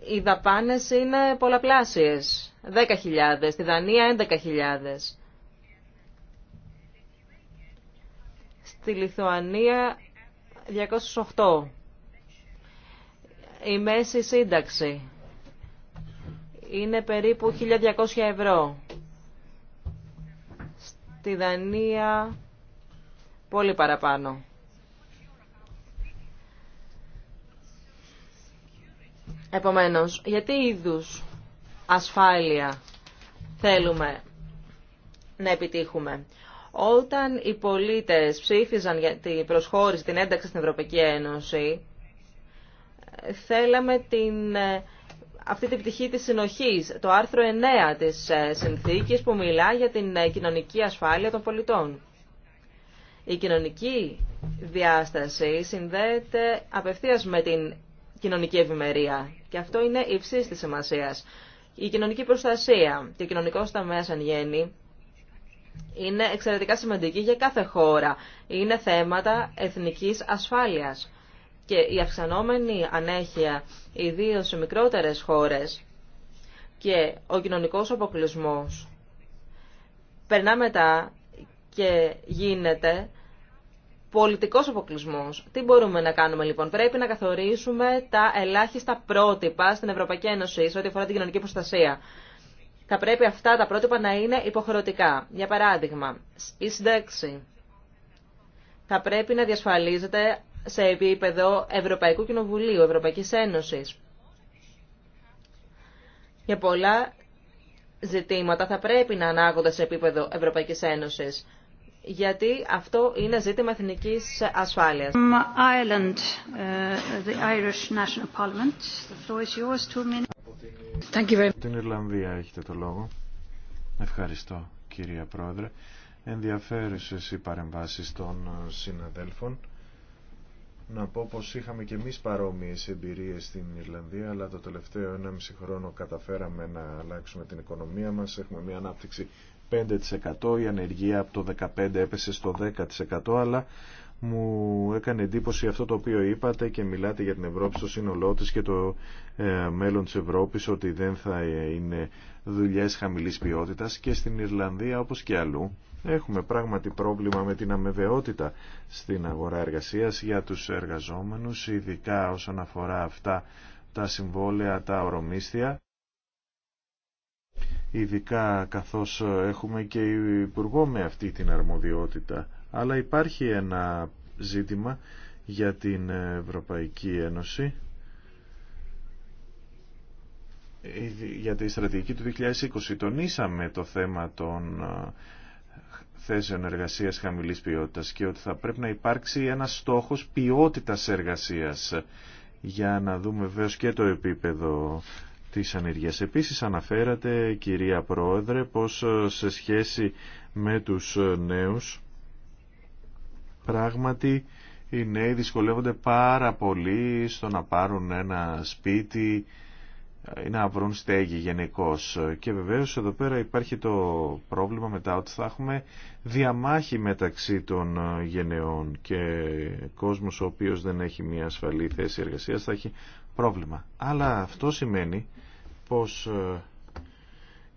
οι δαπάνες είναι πολλαπλάσιες. 10.000, στη Δανία 11.000. Στη Λιθουανία 208. Η μέση σύνταξη είναι περίπου 1.200 ευρώ. Στη Δανία πολύ παραπάνω. Επομένως, γιατί είδους ασφάλεια θέλουμε να επιτύχουμε. Όταν οι πολίτες ψήφιζαν για την προσχώρηση, την ένταξη στην Ευρωπαϊκή Ένωση, θέλαμε την, ε, αυτή την πτυχή της συνοχής, το άρθρο 9 της ε, συνθήκης που μιλά για την ε, κοινωνική ασφάλεια των πολιτών. Η κοινωνική διάσταση συνδέεται απευθείας με την κοινωνική ευημερία. Και αυτό είναι υψή τη σημασία. Η κοινωνική προστασία και ο κοινωνικό τομέα εν γέννη είναι εξαιρετικά σημαντική για κάθε χώρα. Είναι θέματα εθνική ασφάλεια. Και η αυξανόμενη ανέχεια, ιδίω σε μικρότερε χώρες και ο κοινωνικό αποκλεισμό περνά μετά και γίνεται πολιτικός αποκλεισμό. Τι μπορούμε να κάνουμε λοιπόν. Πρέπει να καθορίσουμε τα ελάχιστα πρότυπα στην Ευρωπαϊκή Ένωση σε ό,τι αφορά την κοινωνική προστασία. Θα πρέπει αυτά τα πρότυπα να είναι υποχρεωτικά. Για παράδειγμα, η συνταξη θα πρέπει να διασφαλίζεται σε επίπεδο Ευρωπαϊκού Κοινοβουλίου, Ευρωπαϊκής Ένωσης. Για πολλά ζητήματα θα πρέπει να ανάγονται σε επίπεδο Ευρωπαϊκής Ένωσης γιατί αυτό είναι ζήτημα εθνικής ασφάλειας. Ireland, uh, Την Ιρλανδία έχετε το λόγο. Ευχαριστώ, κυρία Πρόεδρε. Ενδιαφέρουσες οι παρεμβάσεις των ε, συναδέλφων. Να πω πως είχαμε και εμείς παρόμοιες εμπειρίες στην Ιρλανδία, αλλά το τελευταίο 1,5 χρόνο καταφέραμε να αλλάξουμε την οικονομία μας. Έχουμε μια ανάπτυξη 5%, η ανεργία από το 15% έπεσε στο 10%, αλλά μου έκανε εντύπωση αυτό το οποίο είπατε και μιλάτε για την Ευρώπη στο σύνολό της και το ε, μέλλον της Ευρώπης ότι δεν θα ε, είναι δουλειές χαμηλής ποιότητας και στην Ιρλανδία όπως και αλλού έχουμε πράγματι πρόβλημα με την αμεβαιότητα στην αγορά εργασίας για τους εργαζόμενους ειδικά όσον αφορά αυτά τα συμβόλαια, τα ορομίστια ειδικά καθώς έχουμε και υπουργό με αυτή την αρμοδιότητα. Αλλά υπάρχει ένα ζήτημα για την Ευρωπαϊκή Ένωση για τη στρατηγική του 2020. Τονίσαμε το θέμα των ε, θέσεων εργασίας χαμηλής ποιότητας και ότι θα πρέπει να υπάρξει ένας στόχος ποιότητας εργασίας για να δούμε βέβαια και το επίπεδο της ανεργίας. Επίσης αναφέρατε, κυρία Πρόεδρε, πως ε, σε σχέση με τους ε, νέους, πράγματι οι νέοι δυσκολεύονται πάρα πολύ στο να πάρουν ένα σπίτι ή να βρουν στέγη γενικώ. Και βεβαίως εδώ πέρα υπάρχει το πρόβλημα μετά ότι θα έχουμε διαμάχη μεταξύ των ε, γενεών και κόσμος ο οποίος δεν έχει μια ασφαλή θέση εργασίας θα έχει πρόβλημα. Αλλά αυτό σημαίνει πως ε,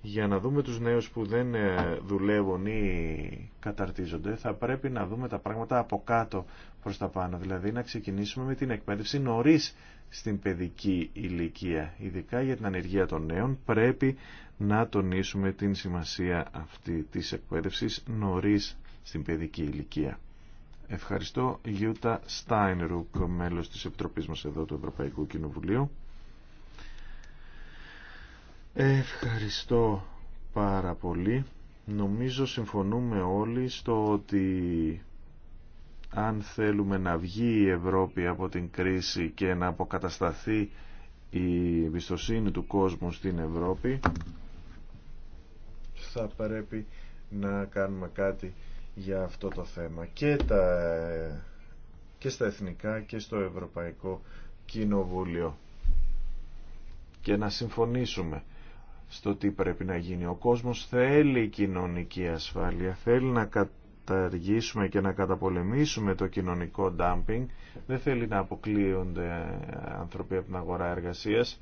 για να δούμε τους νέους που δεν ε, δουλεύουν ή καταρτίζονται θα πρέπει να δούμε τα πράγματα από κάτω προς τα πάνω. Δηλαδή να ξεκινήσουμε με την εκπαίδευση νωρίς στην παιδική ηλικία. Ειδικά για την ανεργία των νέων πρέπει να τονίσουμε την σημασία αυτή της εκπαίδευσης νωρίς στην παιδική ηλικία. Ευχαριστώ Γιούτα Στάινρουκ, μέλος της Επιτροπής μας εδώ του Ευρωπαϊκού Κοινοβουλίου. Ευχαριστώ πάρα πολύ. Νομίζω συμφωνούμε όλοι στο ότι αν θέλουμε να βγει η Ευρώπη από την κρίση και να αποκατασταθεί η εμπιστοσύνη του κόσμου στην Ευρώπη θα πρέπει να κάνουμε κάτι για αυτό το θέμα και, και στα εθνικά και στο Ευρωπαϊκό Κοινοβούλιο και να συμφωνήσουμε στο τι πρέπει να γίνει. Ο κόσμος θέλει κοινωνική ασφάλεια, θέλει να καταργήσουμε και να καταπολεμήσουμε το κοινωνικό ντάμπινγκ, δεν θέλει να αποκλείονται άνθρωποι από την αγορά εργασίας.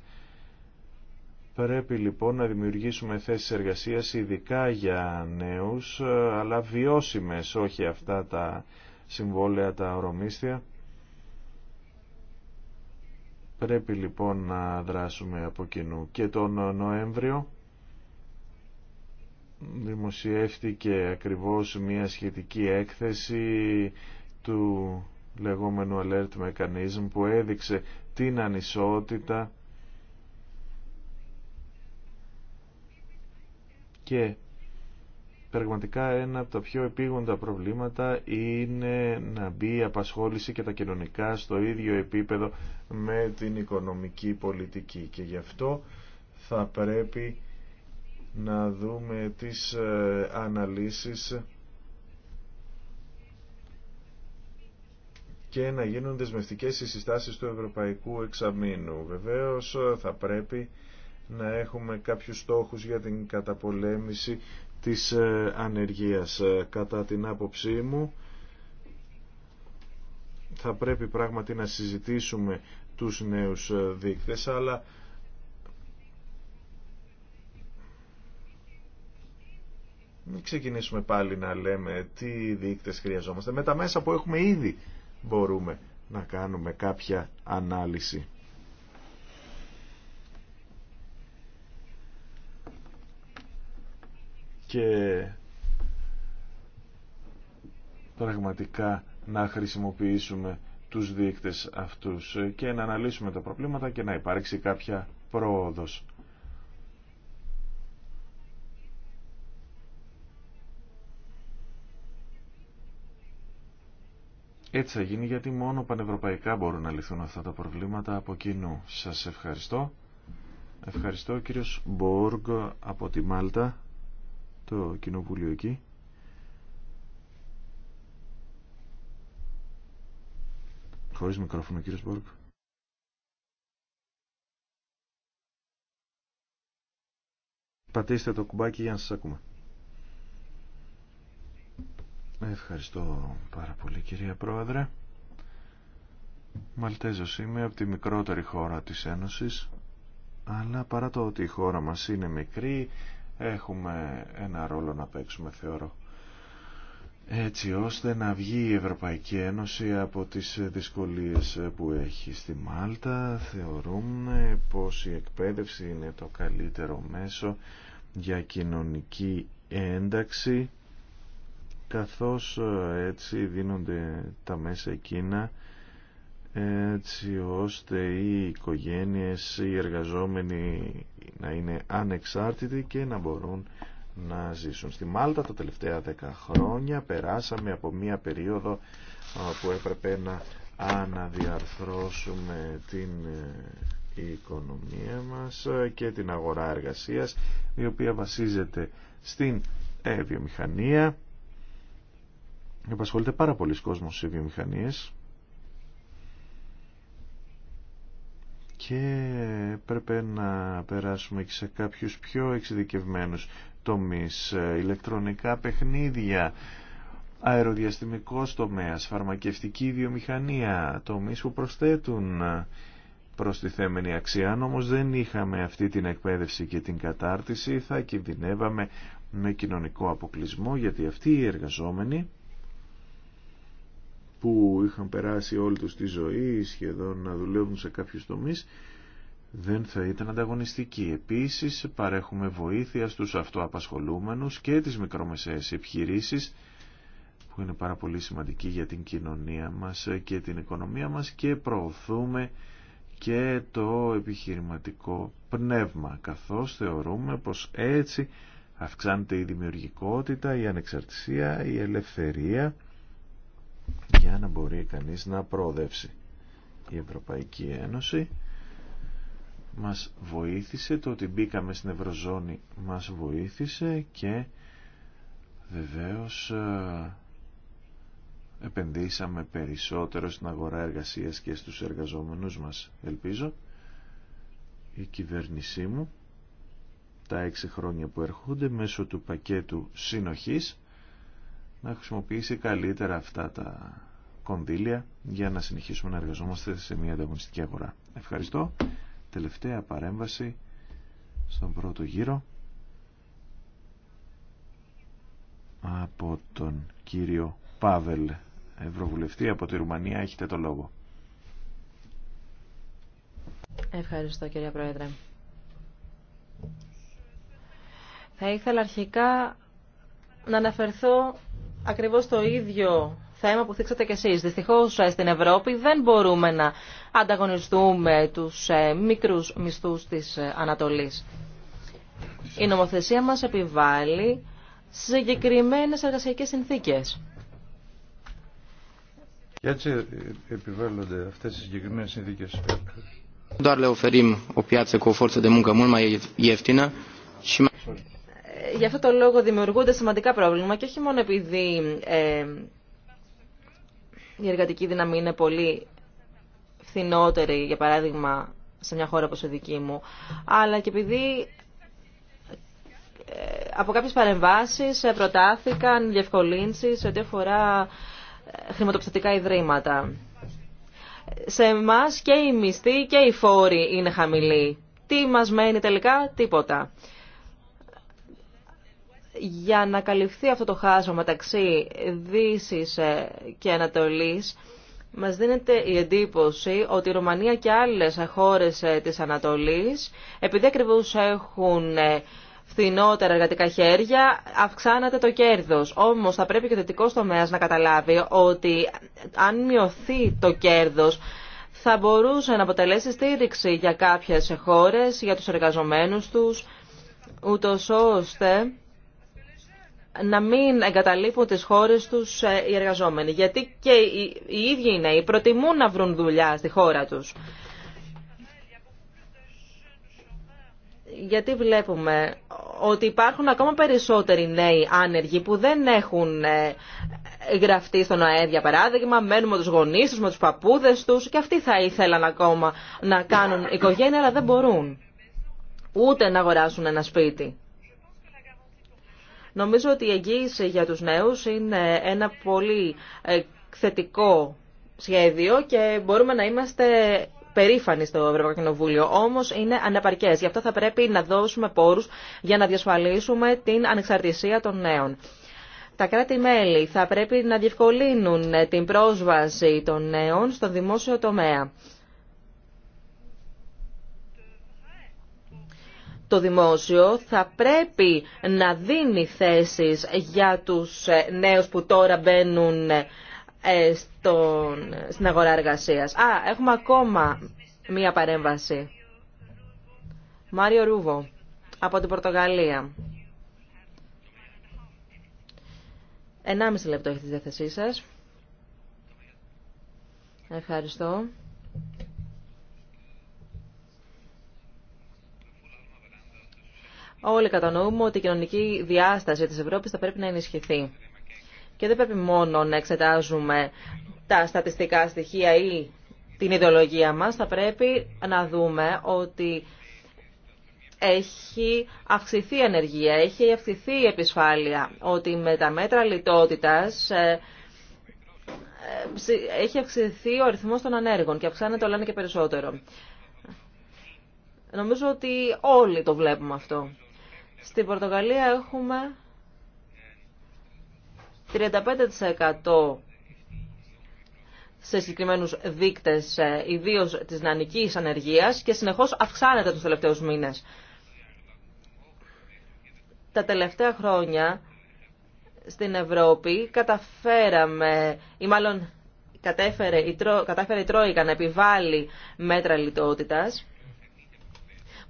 Πρέπει λοιπόν να δημιουργήσουμε θέσεις εργασίας ειδικά για νέους, αλλά βιώσιμες, όχι αυτά τα συμβόλαια, τα ορομίστια. Πρέπει λοιπόν να δράσουμε από κοινού. Και τον Νοέμβριο δημοσιεύτηκε ακριβώς μια σχετική έκθεση του λεγόμενου Alert Mechanism που έδειξε την ανισότητα και Πραγματικά ένα από τα πιο επίγοντα προβλήματα είναι να μπει η απασχόληση και τα κοινωνικά στο ίδιο επίπεδο με την οικονομική πολιτική και γι' αυτό θα πρέπει να δούμε τις ε, αναλύσεις και να γίνουν δεσμευτικές οι συστάσεις του Ευρωπαϊκού Εξαμήνου. Βεβαίως ε, θα πρέπει να έχουμε κάποιους στόχους για την καταπολέμηση της ε, ανεργίας. Ε, κατά την άποψή μου θα πρέπει πράγματι να συζητήσουμε τους νέους ε, δείκτες, αλλά μην ξεκινήσουμε πάλι να λέμε τι δείκτες χρειαζόμαστε. Με τα μέσα που έχουμε ήδη μπορούμε να κάνουμε κάποια ανάλυση. και πραγματικά να χρησιμοποιήσουμε τους δείκτες αυτούς και να αναλύσουμε τα προβλήματα και να υπάρξει κάποια πρόοδος. Έτσι θα γίνει γιατί μόνο πανευρωπαϊκά μπορούν να λυθούν αυτά τα προβλήματα από κοινού. Σας ευχαριστώ. Ευχαριστώ κύριος Μπόργκ από τη Μάλτα το κοινοβούλιο εκεί. Χωρίς μικρόφωνο κύριε Σπόρκ. Πατήστε το κουμπάκι για να σας ακούμε. Ευχαριστώ πάρα πολύ κυρία Πρόεδρε. Μαλτέζος είμαι από τη μικρότερη χώρα της Ένωσης αλλά παρά το ότι η χώρα μας είναι μικρή έχουμε ένα ρόλο να παίξουμε θεωρώ έτσι ώστε να βγει η Ευρωπαϊκή Ένωση από τις δυσκολίες που έχει στη Μάλτα. Θεωρούμε πως η εκπαίδευση είναι το καλύτερο μέσο για κοινωνική ένταξη καθώς ε, έτσι δίνονται τα μέσα εκείνα έτσι ώστε οι οικογένειες, οι εργαζόμενοι να είναι ανεξάρτητοι και να μπορούν να ζήσουν. Στη Μάλτα τα τελευταία δέκα χρόνια περάσαμε από μία περίοδο που έπρεπε να αναδιαρθρώσουμε την ε, οικονομία μας και την αγορά εργασίας η οποία βασίζεται στην ε, βιομηχανία. Επασχολείται πάρα πολλοί κόσμος σε βιομηχανίες και πρέπει να περάσουμε και σε κάποιους πιο εξειδικευμένους τομείς, ε, ηλεκτρονικά παιχνίδια, αεροδιαστημικός τομέας, φαρμακευτική βιομηχανία, τομείς που προσθέτουν ε, προστιθέμενη αξία. Αν όμως δεν είχαμε αυτή την εκπαίδευση και την κατάρτιση θα κινδυνεύαμε με κοινωνικό αποκλεισμό γιατί αυτοί οι εργαζόμενοι που είχαν περάσει όλη τους τη ζωή σχεδόν να δουλεύουν σε κάποιους τομείς δεν θα ήταν ανταγωνιστική. Επίσης παρέχουμε βοήθεια στους αυτοαπασχολούμενους και τις μικρομεσαίες επιχειρήσεις που είναι πάρα πολύ σημαντική για την κοινωνία μας και την οικονομία μας και προωθούμε και το επιχειρηματικό πνεύμα καθώς θεωρούμε πως έτσι αυξάνεται η δημιουργικότητα, η ανεξαρτησία, η ελευθερία για να μπορεί κανείς να προοδεύσει. Η Ευρωπαϊκή Ένωση μας βοήθησε, το ότι μπήκαμε στην Ευρωζώνη μας βοήθησε και βεβαίως ε, επενδύσαμε περισσότερο στην αγορά εργασίας και στους εργαζόμενους μας, ελπίζω. Η κυβέρνησή μου τα έξι χρόνια που ερχονται μέσω του πακέτου συνοχής να χρησιμοποιήσει καλύτερα αυτά τα κονδύλια για να συνεχίσουμε να εργαζόμαστε σε μια ανταγωνιστική αγορά. Ευχαριστώ. Τελευταία παρέμβαση στον πρώτο γύρο από τον κύριο Πάβελ, Ευρωβουλευτή από τη Ρουμανία. Έχετε το λόγο. Ευχαριστώ κύριε Πρόεδρε. Θα ήθελα αρχικά να αναφερθώ ακριβώς το ίδιο θέμα που θίξατε κι εσείς. Δυστυχώς ε, στην Ευρώπη δεν μπορούμε να ανταγωνιστούμε τους ε, μικρούς μισθούς της ε, Ανατολής. Η νομοθεσία μας επιβάλλει σε συγκεκριμένες εργασιακές συνθήκες. Και έτσι επιβάλλονται αυτές οι συγκεκριμένες συνθήκες. Doar le oferim o piață cu forță de muncă mult mai ieftină și για αυτό το λόγο δημιουργούνται σημαντικά πρόβλημα και όχι μόνο επειδή ε, η εργατική δύναμη είναι πολύ φθηνότερη, για παράδειγμα, σε μια χώρα όπως η δική μου, αλλά και επειδή ε, από κάποιες παρεμβάσεις ε, προτάθηκαν διευκολύνσεις σε ό,τι αφορά χρηματοπιστωτικά ιδρύματα. Σε εμά και οι μισθοί και οι φόροι είναι χαμηλοί. Τι μας μένει τελικά, τίποτα για να καλυφθεί αυτό το χάσμα μεταξύ δύση ε, και Ανατολής, μας δίνεται η εντύπωση ότι η Ρουμανία και άλλες χώρες ε, της Ανατολής, επειδή ακριβώς έχουν ε, φθηνότερα εργατικά χέρια, αυξάνεται το κέρδος. Όμως θα πρέπει και ο δυτικός τομέας να καταλάβει ότι αν μειωθεί το κέρδος, θα μπορούσε να αποτελέσει στήριξη για κάποιες χώρες, για τους εργαζομένους τους, ούτως ώστε να μην εγκαταλείπουν τις χώρες τους ε, οι εργαζόμενοι. Γιατί και οι ίδιοι οι νέοι προτιμούν να βρουν δουλειά στη χώρα τους. Γιατί βλέπουμε ότι υπάρχουν ακόμα περισσότεροι νέοι άνεργοι που δεν έχουν ε, γραφτεί στον ΑΕΔ για παράδειγμα, μένουν με τους γονείς τους, με τους παππούδες τους και αυτοί θα ήθελαν ακόμα να κάνουν οικογένεια, αλλά δεν μπορούν ούτε να αγοράσουν ένα σπίτι. Νομίζω ότι η εγγύηση για τους νέους είναι ένα πολύ ε, θετικό σχέδιο και μπορούμε να είμαστε περήφανοι στο Ευρωπαϊκό Κοινοβούλιο. Όμω είναι ανεπαρκέ. Γι' αυτό θα πρέπει να δώσουμε πόρου για να διασφαλίσουμε την ανεξαρτησία των νέων. Τα κράτη-μέλη θα πρέπει να διευκολύνουν την πρόσβαση των νέων στο δημόσιο τομέα. το δημόσιο θα πρέπει να δίνει θέσεις για τους ε, νέους που τώρα μπαίνουν ε, στον, στην αγορά εργασίας. Α, έχουμε ακόμα μία παρέμβαση. Μάριο Ρούβο, από την Πορτογαλία. Ενάμιση λεπτό έχει τη διάθεσή σας. Ευχαριστώ. Όλοι κατανοούμε ότι η κοινωνική διάσταση της Ευρώπης θα πρέπει να ενισχυθεί. Και δεν πρέπει μόνο να εξετάζουμε τα στατιστικά στοιχεία ή την ιδεολογία μας, θα πρέπει να δούμε ότι έχει αυξηθεί η ενεργεία, έχει αυξηθεί η επισφάλεια, ότι με τα μέτρα λιτότητας ε, ε, έχει αυξηθεί ο αριθμός των ανέργων και αυξάνεται όλα και περισσότερο. Νομίζω ότι όλοι το βλέπουμε αυτό. Στην Πορτογαλία έχουμε 35% σε συγκεκριμένους δείκτες ε, ιδίω της νανικής ανεργίας και συνεχώς αυξάνεται τους τελευταίους μήνες. Τα τελευταία χρόνια στην Ευρώπη καταφέραμε, ή μάλλον κατάφερε η, Τρόικα να επιβάλλει μέτρα λιτότητας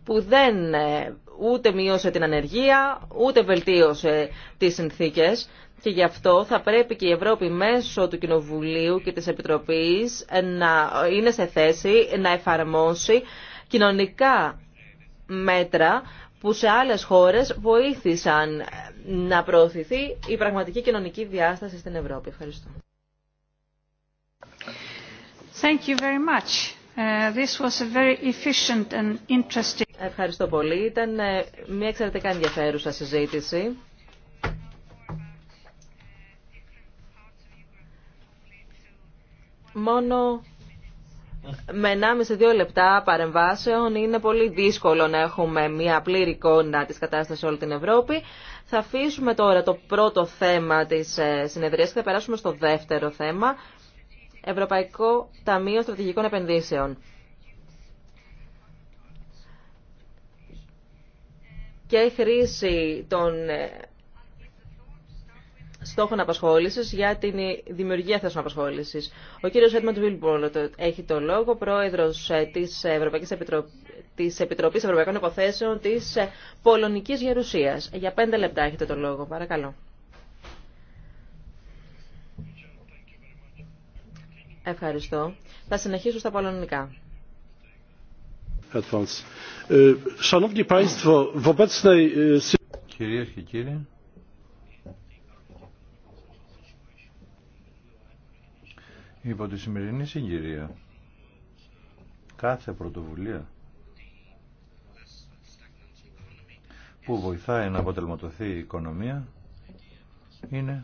που δεν ε, ούτε μειώσε την ανεργία, ούτε βελτίωσε τις συνθήκες και γι' αυτό θα πρέπει και η Ευρώπη μέσω του Κοινοβουλίου και της Επιτροπής ε, να είναι σε θέση να εφαρμόσει κοινωνικά μέτρα που σε άλλες χώρες βοήθησαν ε, να προωθηθεί η πραγματική κοινωνική διάσταση στην Ευρώπη. Ευχαριστώ. Thank you very Uh, Ευχαριστώ πολύ. Ήταν ε, μια εξαιρετικά ενδιαφέρουσα συζήτηση. Μόνο με 1,5-2 λεπτά παρεμβάσεων είναι πολύ δύσκολο να έχουμε μια πλήρη εικόνα της κατάστασης σε όλη την Ευρώπη. Θα αφήσουμε τώρα το πρώτο θέμα της ε, συνεδρίας και θα περάσουμε στο δεύτερο θέμα Ευρωπαϊκό Ταμείο Στρατηγικών Επενδύσεων. Και χρήση των ε, στόχων απασχόληση για την δημιουργία θέσεων απασχόληση. Ο κύριο Έντμαντ Βίλμπολ έχει το λόγο, πρόεδρο ε, τη Ευρωπαϊκή Επιτροπή της Επιτροπής Ευρωπαϊκών Υποθέσεων της ε, Πολωνικής Γερουσίας. Για πέντε λεπτά έχετε το λόγο, παρακαλώ. Ευχαριστώ. Θα συνεχίσω στα πολωνικά. Ε, e, Κυρίες και κύριοι, υπό τη σημερινή συγκυρία κάθε πρωτοβουλία που βοηθάει να αποτελματωθεί η οικονομία είναι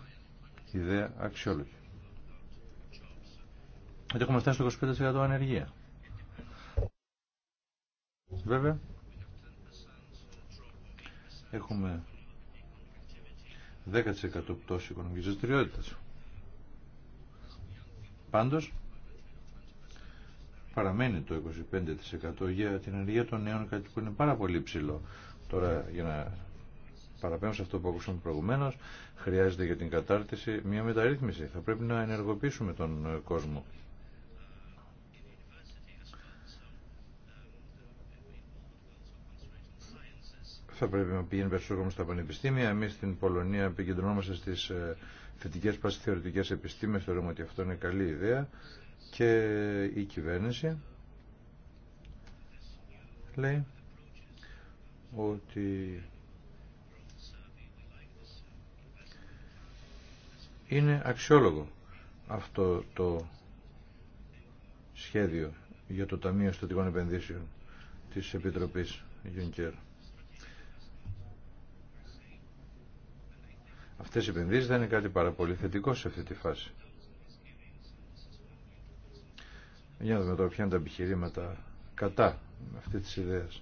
ιδέα αξιόλογη ότι έχουμε φτάσει στο 25% ανεργία. Βέβαια, έχουμε 10% πτώση οικονομικής δραστηριότητας. Πάντως, παραμένει το 25% για την ενέργεια των νέων, κάτι που είναι πάρα πολύ ψηλό. Τώρα, για να παραπέμψω αυτό που ακούσαμε προηγουμένω, χρειάζεται για την κατάρτιση μια μεταρρύθμιση. Θα πρέπει να ενεργοποιήσουμε τον κόσμο. θα πρέπει να πηγαίνει περισσότερο στα πανεπιστήμια. Εμεί στην Πολωνία επικεντρωνόμαστε στι ε, θετικέ πάση θεωρητικέ επιστήμε. Θεωρούμε ότι αυτό είναι καλή ιδέα. Και η κυβέρνηση λέει ότι είναι αξιόλογο αυτό το σχέδιο για το Ταμείο Στατικών Επενδύσεων της Επιτροπής Γιουνκέρ. Αυτές οι επενδύσεις θα είναι κάτι πάρα πολύ θετικό σε αυτή τη φάση. Για να δούμε τώρα ποια είναι τα επιχειρήματα κατά αυτή της ιδέας.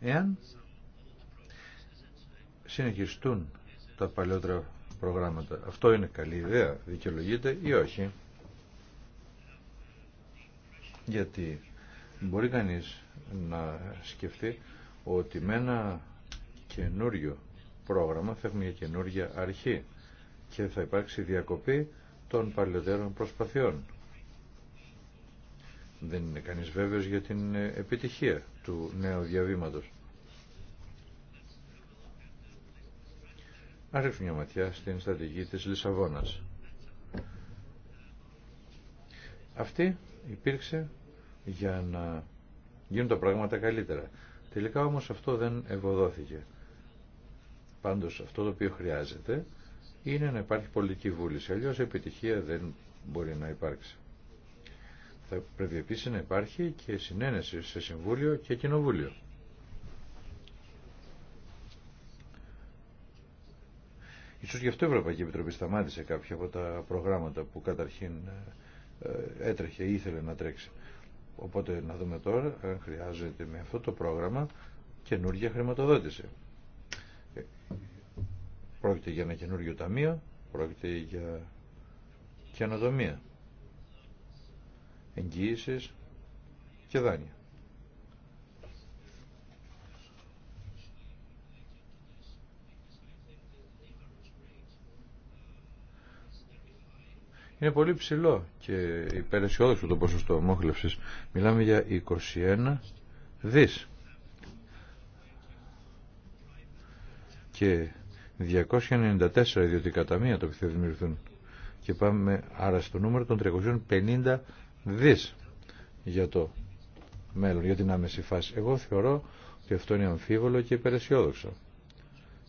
Εάν συνεχιστούν τα παλιότερα προγράμματα, αυτό είναι καλή ιδέα, δικαιολογείται ή όχι. Γιατί μπορεί κανείς να σκεφτεί ότι με ένα καινούριο πρόγραμμα θα έχουμε μια καινούργια αρχή και θα υπάρξει διακοπή των παλαιότερων προσπαθειών. Δεν είναι κανείς βέβαιος για την επιτυχία του νέου διαβήματος. Ας ρίξουμε μια ματιά στην στρατηγική της Λισαβόνας. Αυτή υπήρξε για να γίνουν τα πράγματα καλύτερα. Τελικά όμως αυτό δεν ευωδόθηκε. Πάντως αυτό το οποίο χρειάζεται είναι να υπάρχει πολιτική βούληση. Αλλιώς επιτυχία δεν μπορεί να υπάρξει. Θα πρέπει επίσης να υπάρχει και συνένεση σε Συμβούλιο και Κοινοβούλιο. Ίσως γι' αυτό η Ευρωπαϊκή Επιτροπή σταμάτησε κάποια από τα προγράμματα που καταρχήν ε, έτρεχε ή ήθελε να τρέξει. Οπότε να δούμε τώρα αν χρειάζεται με αυτό το πρόγραμμα καινούργια χρηματοδότηση. Πρόκειται για ένα καινούργιο ταμείο, πρόκειται για καινοτομία, εγγυήσεις και δάνεια. είναι πολύ ψηλό και υπεραισιόδοξο το ποσοστό ομόχλευσης. Μιλάμε για 21 δις. Και 294 ιδιωτικά ταμεία το οποίο θα δημιουργηθούν. Και πάμε άρα στο νούμερο των 350 δις για το μέλλον, για την άμεση φάση. Εγώ θεωρώ ότι αυτό είναι αμφίβολο και υπεραισιόδοξο.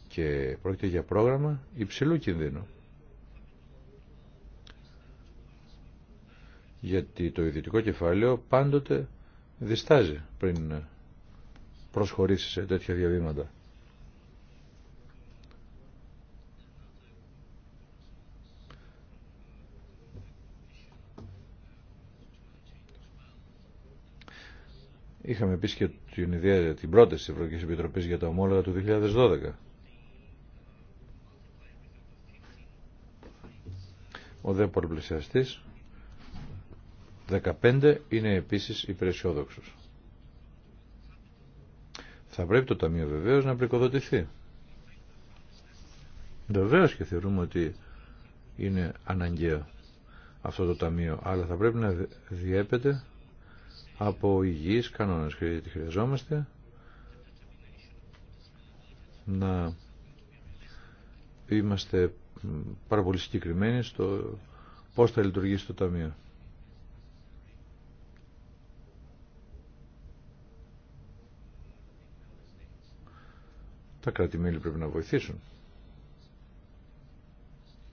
Και πρόκειται για πρόγραμμα υψηλού κινδύνου. γιατί το ιδιωτικό κεφάλαιο πάντοτε διστάζει πριν προσχωρήσει σε τέτοια διαβήματα. Είχαμε επίσης και την ιδέα την πρώτη της Ευρωπαϊκής Επιτροπής για τα ομόλογα του 2012. Ο δε 15 είναι επίσης υπεραισιόδοξο. Θα πρέπει το Ταμείο βεβαίως να πρικοδοτηθεί. Βεβαίω και θεωρούμε ότι είναι αναγκαίο αυτό το Ταμείο, αλλά θα πρέπει να διέπεται από υγιείς κανόνες. χρειαζόμαστε να είμαστε πάρα πολύ συγκεκριμένοι στο πώς θα λειτουργήσει το Ταμείο. τα κράτη-μέλη πρέπει να βοηθήσουν.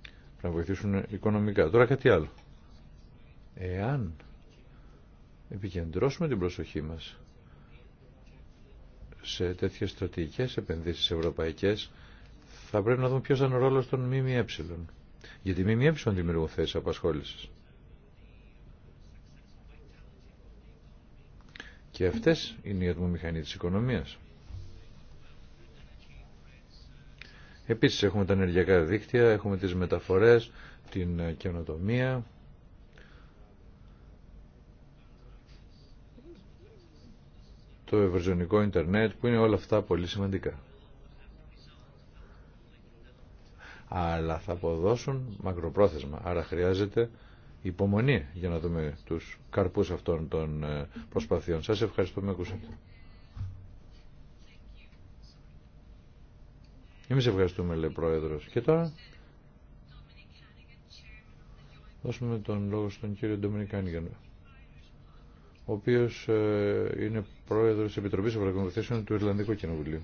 Πρέπει να βοηθήσουν οικονομικά. Τώρα κάτι άλλο. Εάν επικεντρώσουμε την προσοχή μας σε τέτοιες στρατηγικές επενδύσεις ευρωπαϊκές, θα πρέπει να δούμε ποιος ήταν ο ρόλος των ΜΜΕ. Γιατί οι ΜΜΕ δημιουργούν θέσεις απασχόλησης. Και αυτές είναι οι ατμομηχανοί της οικονομίας. Επίσης έχουμε τα ενεργειακά δίκτυα, έχουμε τις μεταφορές, την ε, καινοτομία. το ευρωζωνικό ίντερνετ που είναι όλα αυτά πολύ σημαντικά. Αλλά θα αποδώσουν μακροπρόθεσμα, άρα χρειάζεται υπομονή για να δούμε τους καρπούς αυτών των ε, προσπαθειών. Σας ευχαριστούμε που ακούσατε. Εμείς ευχαριστούμε, λέει Πρόεδρος. Και τώρα δώσουμε τον λόγο στον κύριο Ντομινικάνιγκαν, ο οποίος ε, είναι Πρόεδρος της Επιτροπής Ευρωπαϊκών του Ιρλανδικού Κοινοβουλίου.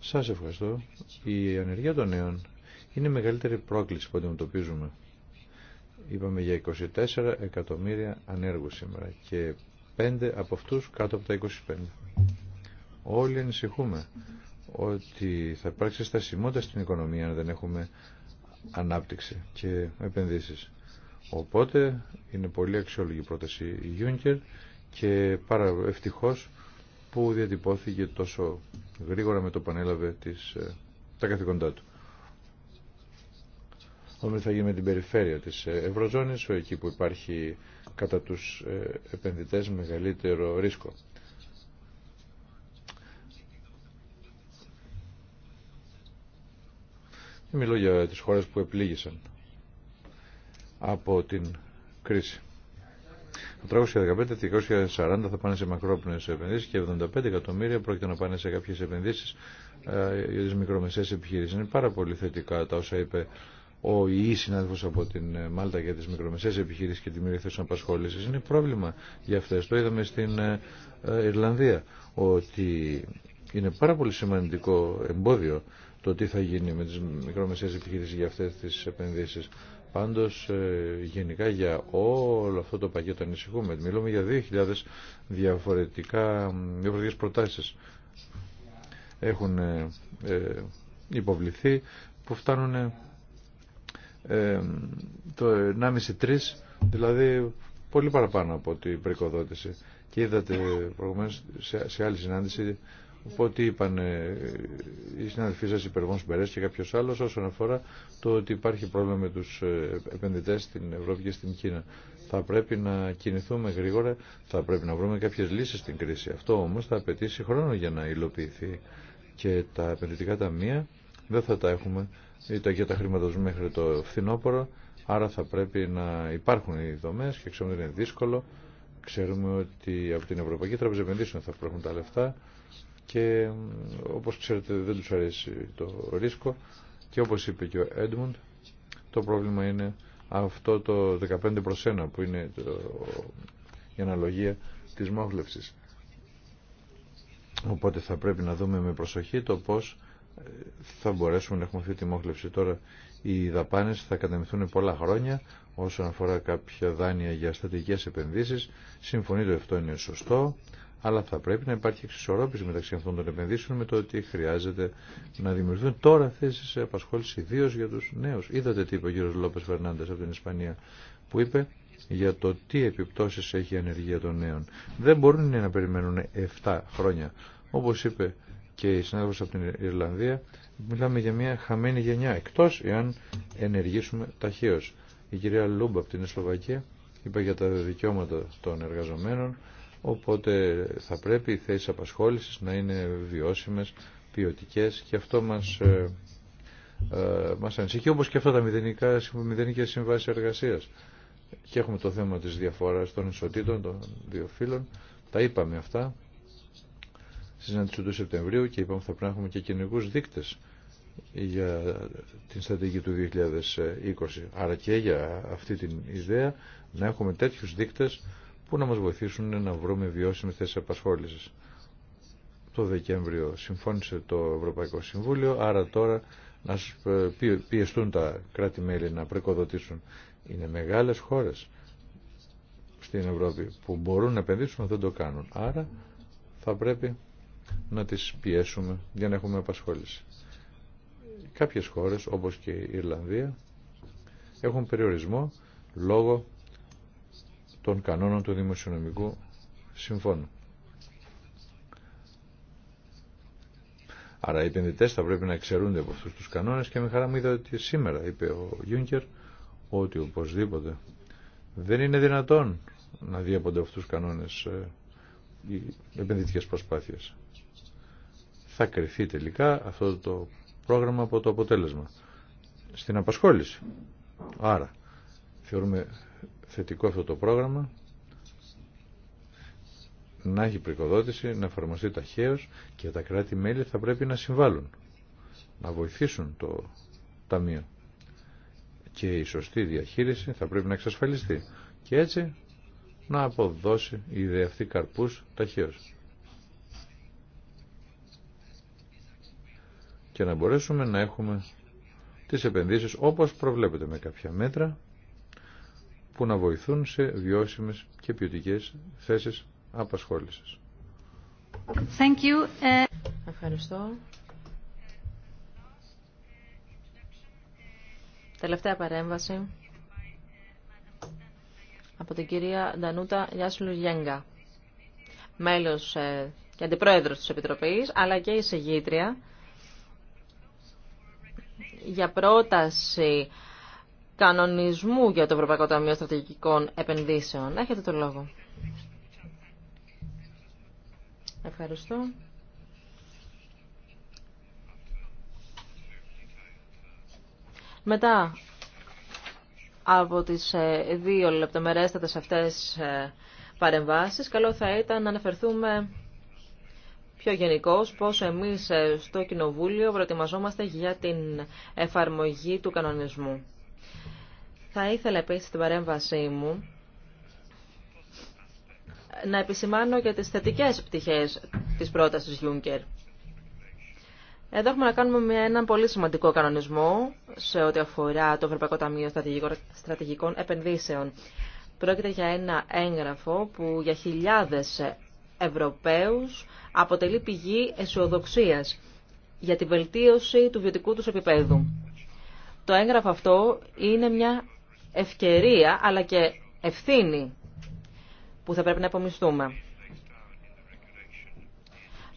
Σας ευχαριστώ. Η ανεργία των νέων είναι η μεγαλύτερη πρόκληση που αντιμετωπίζουμε. Είπαμε για 24 εκατομμύρια ανέργους σήμερα και πέντε από αυτούς κάτω από τα 25. Όλοι ανησυχούμε ότι θα υπάρξει στασιμότητα στην οικονομία αν δεν έχουμε ανάπτυξη και επενδύσεις. Οπότε είναι πολύ αξιόλογη η πρόταση η Juncker και πάρα ευτυχώς που διατυπώθηκε τόσο γρήγορα με το πανέλαβε τις, ε, τα καθηκοντά του. Όμως θα γίνει με την περιφέρεια της ε, Ευρωζώνης, εκεί που υπάρχει κατά τους ε, επενδυτές μεγαλύτερο ρίσκο. Δεν μιλώ για τις χώρες που επλήγησαν από την κρίση. Το 315-340 θα πάνε σε μακρόπνες επενδύσεις και 75 εκατομμύρια πρόκειται να πάνε σε κάποιες επενδύσεις ε, για τις μικρομεσαίες επιχειρήσεις. Είναι πάρα πολύ θετικά τα όσα είπε ο ΙΗ συνάδελφο από την ε, Μάλτα για τις μικρομεσαίες επιχειρήσεις και τη θέση απασχόληση. είναι πρόβλημα για αυτές. Το είδαμε στην ε, ε, Ιρλανδία ότι είναι πάρα πολύ σημαντικό εμπόδιο το τι θα γίνει με τις μικρομεσαίες επιχειρήσεις για αυτές τις επενδύσεις. Πάντω, γενικά για όλο αυτό το πακέτο ανησυχούμε. Μιλούμε για 2.000 διαφορετικά, προτάσει. Έχουν υποβληθεί που φτάνουν ε, το 1,5-3, δηλαδή πολύ παραπάνω από την πρικοδότηση. Και είδατε προηγουμένως σε, σε άλλη συνάντηση ότι είπαν ε, οι συναδελφοί σα υπεργών Μπερές και κάποιο άλλο όσον αφορά το ότι υπάρχει πρόβλημα με του ε, επενδυτέ στην Ευρώπη και στην Κίνα. Θα πρέπει να κινηθούμε γρήγορα, θα πρέπει να βρούμε κάποιε λύσει στην κρίση. Αυτό όμω θα απαιτήσει χρόνο για να υλοποιηθεί και τα επενδυτικά ταμεία δεν θα τα έχουμε ή τα χρήματα χρήματο μέχρι το φθινόπωρο, άρα θα πρέπει να υπάρχουν οι δομέ και ξέρουμε ότι είναι δύσκολο. Ξέρουμε ότι από την Ευρωπαϊκή Τράπεζα Επενδύσεων θα προέρχονται τα λεφτά και όπως ξέρετε δεν του αρέσει το ρίσκο και όπως είπε και ο Έντμουντ το πρόβλημα είναι αυτό το 15 προ 1 που είναι η αναλογία τη μόχλευση. Οπότε θα πρέπει να δούμε με προσοχή το πώς θα μπορέσουμε να έχουμε αυτή τη μόχλευση τώρα οι δαπάνες θα καταμειθούν πολλά χρόνια όσον αφορά κάποια δάνεια για στατικές επενδύσεις συμφωνείτε το αυτό είναι σωστό αλλά θα πρέπει να υπάρχει εξισορρόπηση μεταξύ αυτών των επενδύσεων με το ότι χρειάζεται να δημιουργηθούν τώρα θέσει απασχόληση, ιδίω για του νέου. Είδατε τι είπε ο κ. Λόπε Φερνάντε από την Ισπανία, που είπε για το τι επιπτώσει έχει η ανεργία των νέων. Δεν μπορούν να περιμένουν 7 χρόνια. Όπω είπε και οι συνάδελφοι από την Ιρλανδία, μιλάμε για μια χαμένη γενιά, εκτός εάν ενεργήσουμε ταχύως. Η κυρία Λούμπα από την Σλοβακία είπε για τα δικαιώματα των εργαζομένων, οπότε θα πρέπει οι θέσεις απασχόλησης να είναι βιώσιμες, ποιοτικέ και αυτό μας, ε, ε, μας ανησυχεί, όπως και αυτά τα μηδενικά, συμβάσει συμβάσεις Και έχουμε το θέμα της διαφοράς των ισοτήτων των δύο φύλων, τα είπαμε αυτά συνάντηση του Σεπτεμβρίου και είπαμε ότι θα πρέπει να έχουμε και κοινωνικού δείκτε για την στρατηγική του 2020. Άρα και για αυτή την ιδέα να έχουμε τέτοιου δείκτε που να μα βοηθήσουν να βρούμε βιώσιμε θέσει απασχόληση. Το Δεκέμβριο συμφώνησε το Ευρωπαϊκό Συμβούλιο, άρα τώρα να πιεστούν τα κράτη-μέλη να πρεκοδοτήσουν. Είναι μεγάλες χώρες στην Ευρώπη που μπορούν να επενδύσουν, δεν το κάνουν. Άρα θα πρέπει να τις πιέσουμε για να έχουμε απασχόληση. Κάποιες χώρες, όπως και η Ιρλανδία, έχουν περιορισμό λόγω των κανόνων του Δημοσιονομικού Συμφώνου. Άρα οι επενδυτές θα πρέπει να εξαιρούνται από αυτούς τους κανόνες και με χαρά μου είδα ότι σήμερα είπε ο Γιούνκερ ότι οπωσδήποτε δεν είναι δυνατόν να διέπονται αυτούς τους κανόνες ε, οι επενδυτικές προσπάθειες θα κρυθεί τελικά αυτό το πρόγραμμα από το αποτέλεσμα στην απασχόληση. Άρα θεωρούμε θετικό αυτό το πρόγραμμα να έχει πρικοδότηση, να εφαρμοστεί ταχαίως και τα κράτη-μέλη θα πρέπει να συμβάλλουν, να βοηθήσουν το Ταμείο. Και η σωστή διαχείριση θα πρέπει να εξασφαλιστεί και έτσι να αποδώσει η ιδέα καρπούς ταχαίως. και να μπορέσουμε να έχουμε τις επενδύσεις όπως προβλέπεται με κάποια μέτρα που να βοηθούν σε βιώσιμες και ποιοτικέ θέσεις απασχόλησης. Thank you. Ε, Ευχαριστώ. Τελευταία παρέμβαση από την κυρία Ντανούτα Γιάσουλου Γιέγκα, μέλος ε, και αντιπρόεδρος της Επιτροπής, αλλά και εισηγήτρια για πρόταση κανονισμού για το Ευρωπαϊκό Ταμείο Στρατηγικών Επενδύσεων. Έχετε το λόγο. Ευχαριστώ. Μετά από τις ε, δύο λεπτομερέστατες αυτές ε, παρεμβάσεις, καλό θα ήταν να αναφερθούμε πιο γενικώ πώς εμείς ε, στο Κοινοβούλιο προετοιμαζόμαστε για την εφαρμογή του κανονισμού. Θα ήθελα επίσης την παρέμβασή μου να επισημάνω για τις θετικές πτυχές της πρότασης Juncker. Εδώ έχουμε να κάνουμε έναν πολύ σημαντικό κανονισμό σε ό,τι αφορά το Ευρωπαϊκό Ταμείο Στρατηγικών Επενδύσεων. Πρόκειται για ένα έγγραφο που για χιλιάδες Ευρωπαίους αποτελεί πηγή αισιοδοξία για τη βελτίωση του βιωτικού τους επίπεδου. Το έγγραφο αυτό είναι μια ευκαιρία αλλά και ευθύνη που θα πρέπει να υπομισθούμε.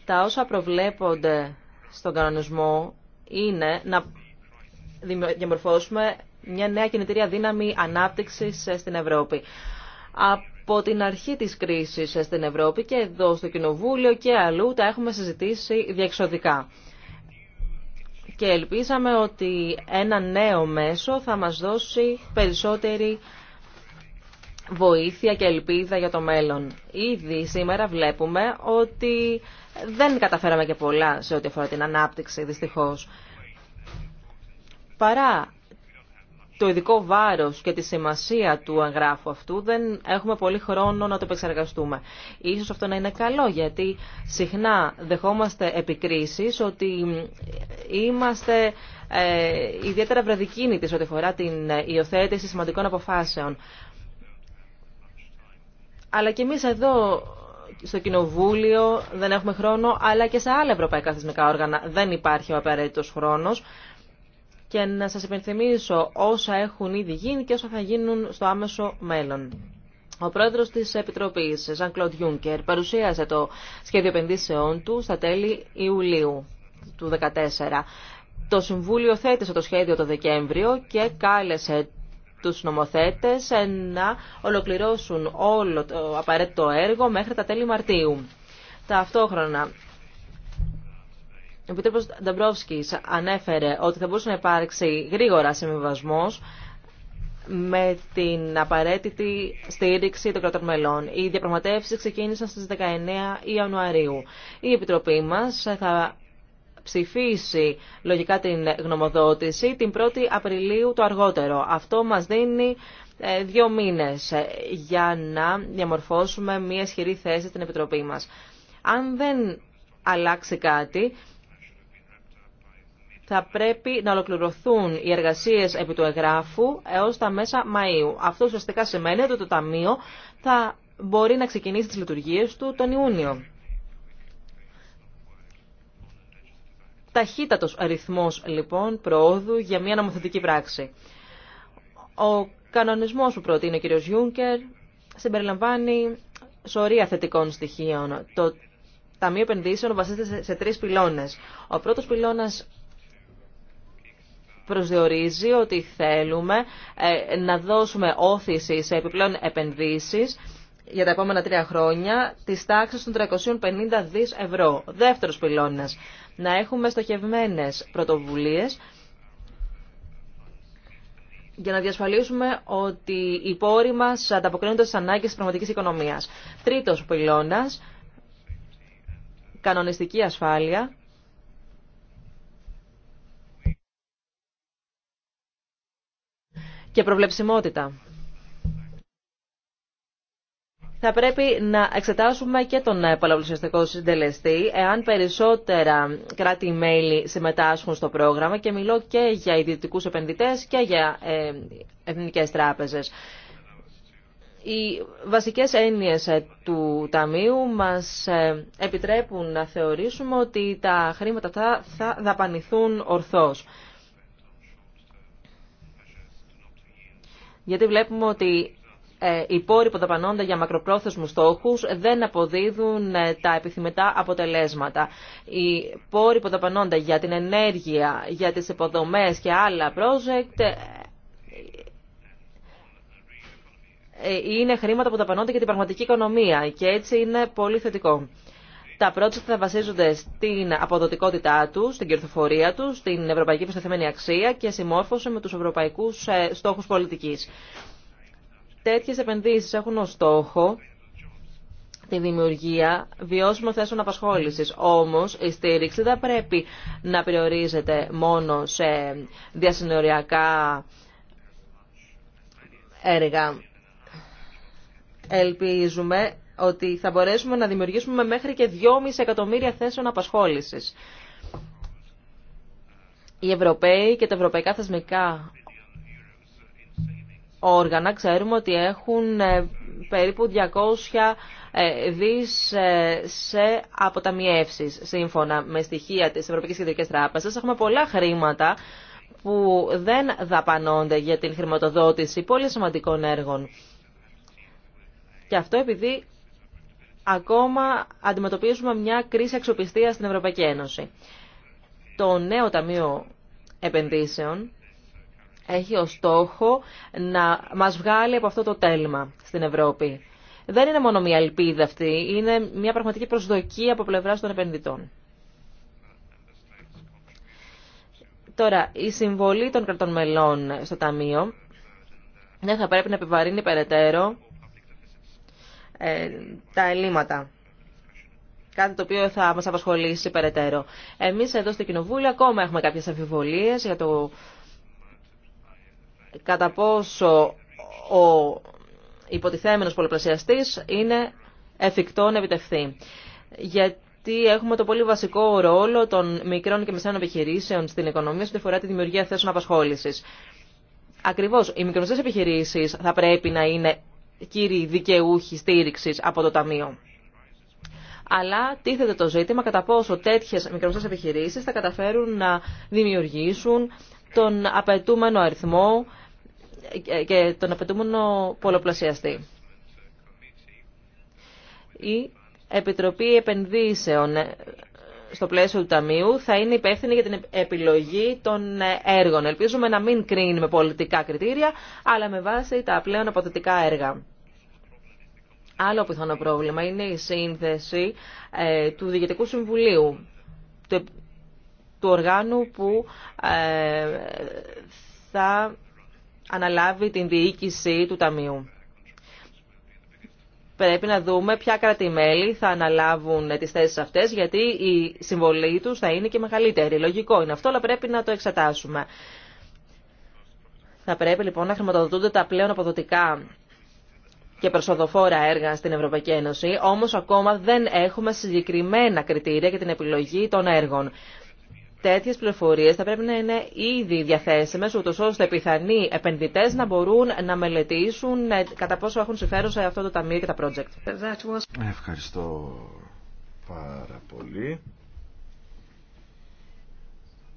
Τα όσα προβλέπονται στον κανονισμό είναι να διαμορφώσουμε μια νέα κινητήρια δύναμη ανάπτυξης στην Ευρώπη από την αρχή της κρίσης στην Ευρώπη και εδώ στο Κοινοβούλιο και αλλού τα έχουμε συζητήσει διεξοδικά. Και ελπίζαμε ότι ένα νέο μέσο θα μας δώσει περισσότερη βοήθεια και ελπίδα για το μέλλον. Ήδη σήμερα βλέπουμε ότι δεν καταφέραμε και πολλά σε ό,τι αφορά την ανάπτυξη, δυστυχώς. Παρά το ειδικό βάρος και τη σημασία του εγγράφου αυτού δεν έχουμε πολύ χρόνο να το επεξεργαστούμε. Ίσως αυτό να είναι καλό γιατί συχνά δεχόμαστε επικρίσεις ότι είμαστε ε, ιδιαίτερα βραδικίνητοι ό,τι αφορά την υιοθέτηση σημαντικών αποφάσεων. Αλλά και εμείς εδώ στο Κοινοβούλιο δεν έχουμε χρόνο, αλλά και σε άλλα ευρωπαϊκά θεσμικά όργανα δεν υπάρχει ο απαραίτητος χρόνος και να σας υπενθυμίσω όσα έχουν ήδη γίνει και όσα θα γίνουν στο άμεσο μέλλον. Ο πρόεδρο της Επιτροπής, Ζαν Κλοντ Γιούγκερ, παρουσίασε το σχέδιο επενδύσεών του στα τέλη Ιουλίου του 2014. Το Συμβούλιο θέτησε το σχέδιο το Δεκέμβριο και κάλεσε τους νομοθέτες να ολοκληρώσουν όλο το απαραίτητο έργο μέχρι τα τέλη Μαρτίου. Ταυτόχρονα ο Επιτρόπος Νταμπρόφσκης ανέφερε ότι θα μπορούσε να υπάρξει γρήγορα συμβιβασμό με την απαραίτητη στήριξη των κρατών μελών. Οι διαπραγματεύσει ξεκίνησαν στις 19 Ιανουαρίου. Η Επιτροπή μας θα ψηφίσει λογικά την γνωμοδότηση την 1η Απριλίου το αργότερο. Αυτό μας δίνει ε, δύο μήνες για να διαμορφώσουμε μια ισχυρή θέση στην Επιτροπή μας. Αν δεν αλλάξει κάτι, θα πρέπει να ολοκληρωθούν οι εργασίες επί του εγγράφου έως τα μέσα Μαΐου. Αυτό ουσιαστικά σημαίνει ότι το Ταμείο θα μπορεί να ξεκινήσει τις λειτουργίες του τον Ιούνιο. Ταχύτατο αριθμός λοιπόν προόδου για μια νομοθετική πράξη. Ο κανονισμός που προτείνει ο κ. Γιούνκερ συμπεριλαμβάνει σωρία θετικών στοιχείων. Το Ταμείο Επενδύσεων βασίζεται σε τρει πυλώνε. Ο πρώτος πυλώνας προσδιορίζει ότι θέλουμε ε, να δώσουμε όθηση σε επιπλέον επενδύσεις για τα επόμενα τρία χρόνια της τάξης των 350 δις ευρώ. Δεύτερος πυλώνας, να έχουμε στοχευμένες πρωτοβουλίες για να διασφαλίσουμε ότι οι πόροι μας ανταποκρίνονται στις ανάγκες της πραγματικής οικονομίας. Τρίτος πυλώνας, κανονιστική ασφάλεια και προβλεψιμότητα. Θα πρέπει να εξετάσουμε και τον ε, πολλαπλουσιαστικό συντελεστή, εάν περισσότερα κράτη-μέλη συμμετάσχουν στο πρόγραμμα και μιλώ και για ιδιωτικούς επενδυτές και για ε, εθνικές τράπεζες. Οι βασικές έννοιες ε, του Ταμείου μας επιτρέπουν να θεωρήσουμε ότι τα χρήματα αυτά θα δαπανηθούν ορθώς. γιατί βλέπουμε ότι ε, οι πόροι που δαπανώνται για μακροπρόθεσμους στόχους δεν αποδίδουν ε, τα επιθυμητά αποτελέσματα. Οι πόροι που δαπανώνται για την ενέργεια, για τις υποδομές και άλλα project ε, είναι χρήματα που δαπανώνται για την πραγματική οικονομία και έτσι είναι πολύ θετικό. Τα πρώτα θα βασίζονται στην αποδοτικότητά του, στην κερδοφορία του, στην ευρωπαϊκή προσταθεμένη αξία και συμμόρφωση με του ευρωπαϊκού ε, στόχου πολιτική. Τέτοιε επενδύσει έχουν ω στόχο τη δημιουργία βιώσιμων θέσεων απασχόληση. Όμω, η στήριξη δεν πρέπει να περιορίζεται μόνο σε διασυνοριακά έργα. Ελπίζουμε ότι θα μπορέσουμε να δημιουργήσουμε μέχρι και 2,5 εκατομμύρια θέσεων απασχόλησης. Οι Ευρωπαίοι και τα ευρωπαϊκά θεσμικά όργανα ξέρουμε ότι έχουν ε, περίπου 200 ε, δις ε, σε αποταμιεύσεις σύμφωνα με στοιχεία της Ευρωπαϊκής Κεντρικής Τράπεζας. Έχουμε πολλά χρήματα που δεν δαπανώνται για την χρηματοδότηση πολύ σημαντικών έργων. Και αυτό επειδή ακόμα αντιμετωπίζουμε μια κρίση αξιοπιστίας στην Ευρωπαϊκή Ένωση. Το νέο Ταμείο Επενδύσεων έχει ως στόχο να μας βγάλει από αυτό το τέλμα στην Ευρώπη. Δεν είναι μόνο μια ελπίδα αυτή, είναι μια πραγματική προσδοκία από πλευρά των επενδυτών. Τώρα, η συμβολή των κρατών μελών στο Ταμείο δεν θα πρέπει να επιβαρύνει περαιτέρω ε, τα ελλείμματα. Κάτι το οποίο θα μας απασχολήσει περαιτέρω. Εμείς εδώ στο Κοινοβούλιο ακόμα έχουμε κάποιες αμφιβολίες για το κατά πόσο ο υποτιθέμενος πολλαπλασιαστής είναι εφικτό να επιτευχθεί. Γιατί έχουμε το πολύ βασικό ρόλο των μικρών και μεσαίων επιχειρήσεων στην οικονομία σε ό,τι αφορά τη δημιουργία θέσεων απασχόλησης. Ακριβώς, οι μικρομεσαίες επιχειρήσεις θα πρέπει να είναι κύριοι δικαιούχοι στήριξη από το Ταμείο. Αλλά τίθεται το ζήτημα κατά πόσο τέτοιε μικρομεσαίε επιχειρήσει θα καταφέρουν να δημιουργήσουν τον απαιτούμενο αριθμό και τον απαιτούμενο πολλαπλασιαστή. Η Επιτροπή Επενδύσεων στο πλαίσιο του Ταμείου θα είναι υπεύθυνη για την επιλογή των έργων. Ελπίζουμε να μην κρίνει με πολιτικά κριτήρια, αλλά με βάση τα πλέον αποθετικά έργα. Άλλο πιθανό πρόβλημα είναι η σύνθεση ε, του Διοικητικού Συμβουλίου, του οργάνου που ε, θα αναλάβει την διοίκηση του Ταμείου. Πρέπει να δούμε ποια κρατημέλη θα αναλάβουν τι θέσει αυτές, γιατί η συμβολή του θα είναι και μεγαλύτερη. Λογικό είναι αυτό, αλλά πρέπει να το εξετάσουμε. Θα πρέπει λοιπόν να χρηματοδοτούνται τα πλέον αποδοτικά και προσοδοφόρα έργα στην Ευρωπαϊκή Ένωση, όμως ακόμα δεν έχουμε συγκεκριμένα κριτήρια για την επιλογή των έργων. Τέτοιε πληροφορίε θα πρέπει να είναι ήδη διαθέσιμε ούτω ώστε πιθανοί επενδυτές να μπορούν να μελετήσουν ε, κατά πόσο έχουν συμφέρον σε αυτό το ταμείο και τα project. Ευχαριστώ πάρα πολύ.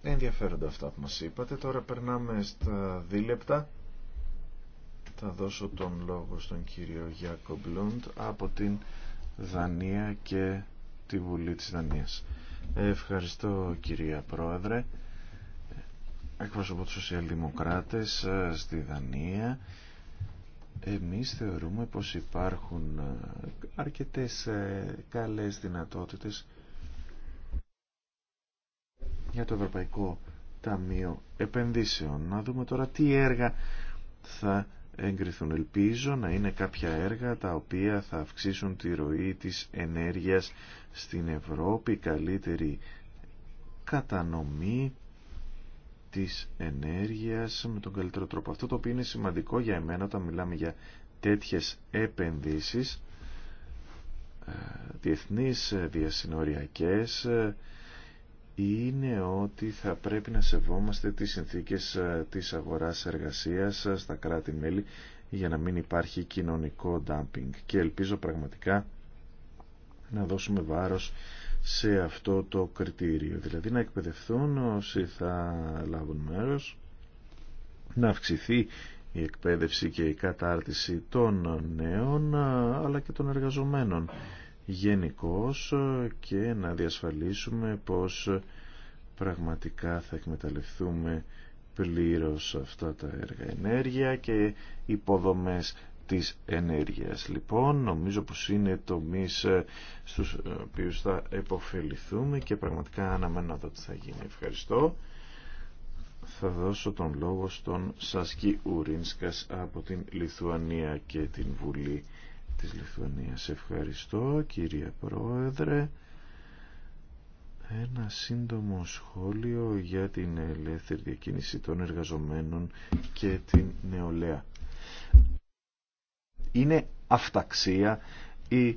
Ενδιαφέροντα αυτά που μα είπατε. Τώρα περνάμε στα δίλεπτα. Θα δώσω τον λόγο στον κύριο Γιάκο Μπλούντ από την Δανία και τη Βουλή της Δανίας. Ευχαριστώ κυρία Πρόεδρε. Εκπροσωπώ του σοσιαλδημοκράτες ε, στη Δανία. Εμείς θεωρούμε πως υπάρχουν ε, αρκετές ε, καλές δυνατότητες για το Ευρωπαϊκό Ταμείο Επενδύσεων. Να δούμε τώρα τι έργα θα εγκριθούν. Ελπίζω να είναι κάποια έργα τα οποία θα αυξήσουν τη ροή της ενέργειας στην Ευρώπη, καλύτερη κατανομή της ενέργειας με τον καλύτερο τρόπο. Αυτό το οποίο είναι σημαντικό για εμένα όταν μιλάμε για τέτοιες επενδύσεις ε, διεθνείς ε, διασυνοριακές ε, είναι ότι θα πρέπει να σεβόμαστε τις συνθήκες ε, της αγοράς εργασίας ε, στα κράτη-μέλη για να μην υπάρχει κοινωνικό ντάμπινγκ. Και ελπίζω πραγματικά να δώσουμε βάρος σε αυτό το κριτήριο. Δηλαδή να εκπαιδευτούν όσοι θα λάβουν μέρος, να αυξηθεί η εκπαίδευση και η κατάρτιση των νέων ε, αλλά και των εργαζομένων γενικώ ε, και να διασφαλίσουμε πως πραγματικά θα εκμεταλλευτούμε πλήρως αυτά τα έργα ενέργεια και υποδομές της ενέργειας. Λοιπόν, νομίζω πως είναι το μις ε, στους οποίους θα επωφεληθούμε και πραγματικά αναμένω εδώ τι θα γίνει. Ευχαριστώ. Θα δώσω τον λόγο στον Σασκι Ουρίνσκας από την Λιθουανία και την Βουλή της Λιθουανίας. Ευχαριστώ κύριε Πρόεδρε. Ένα σύντομο σχόλιο για την ελεύθερη διακίνηση των εργαζομένων και την νεολαία. Είναι αυταξία η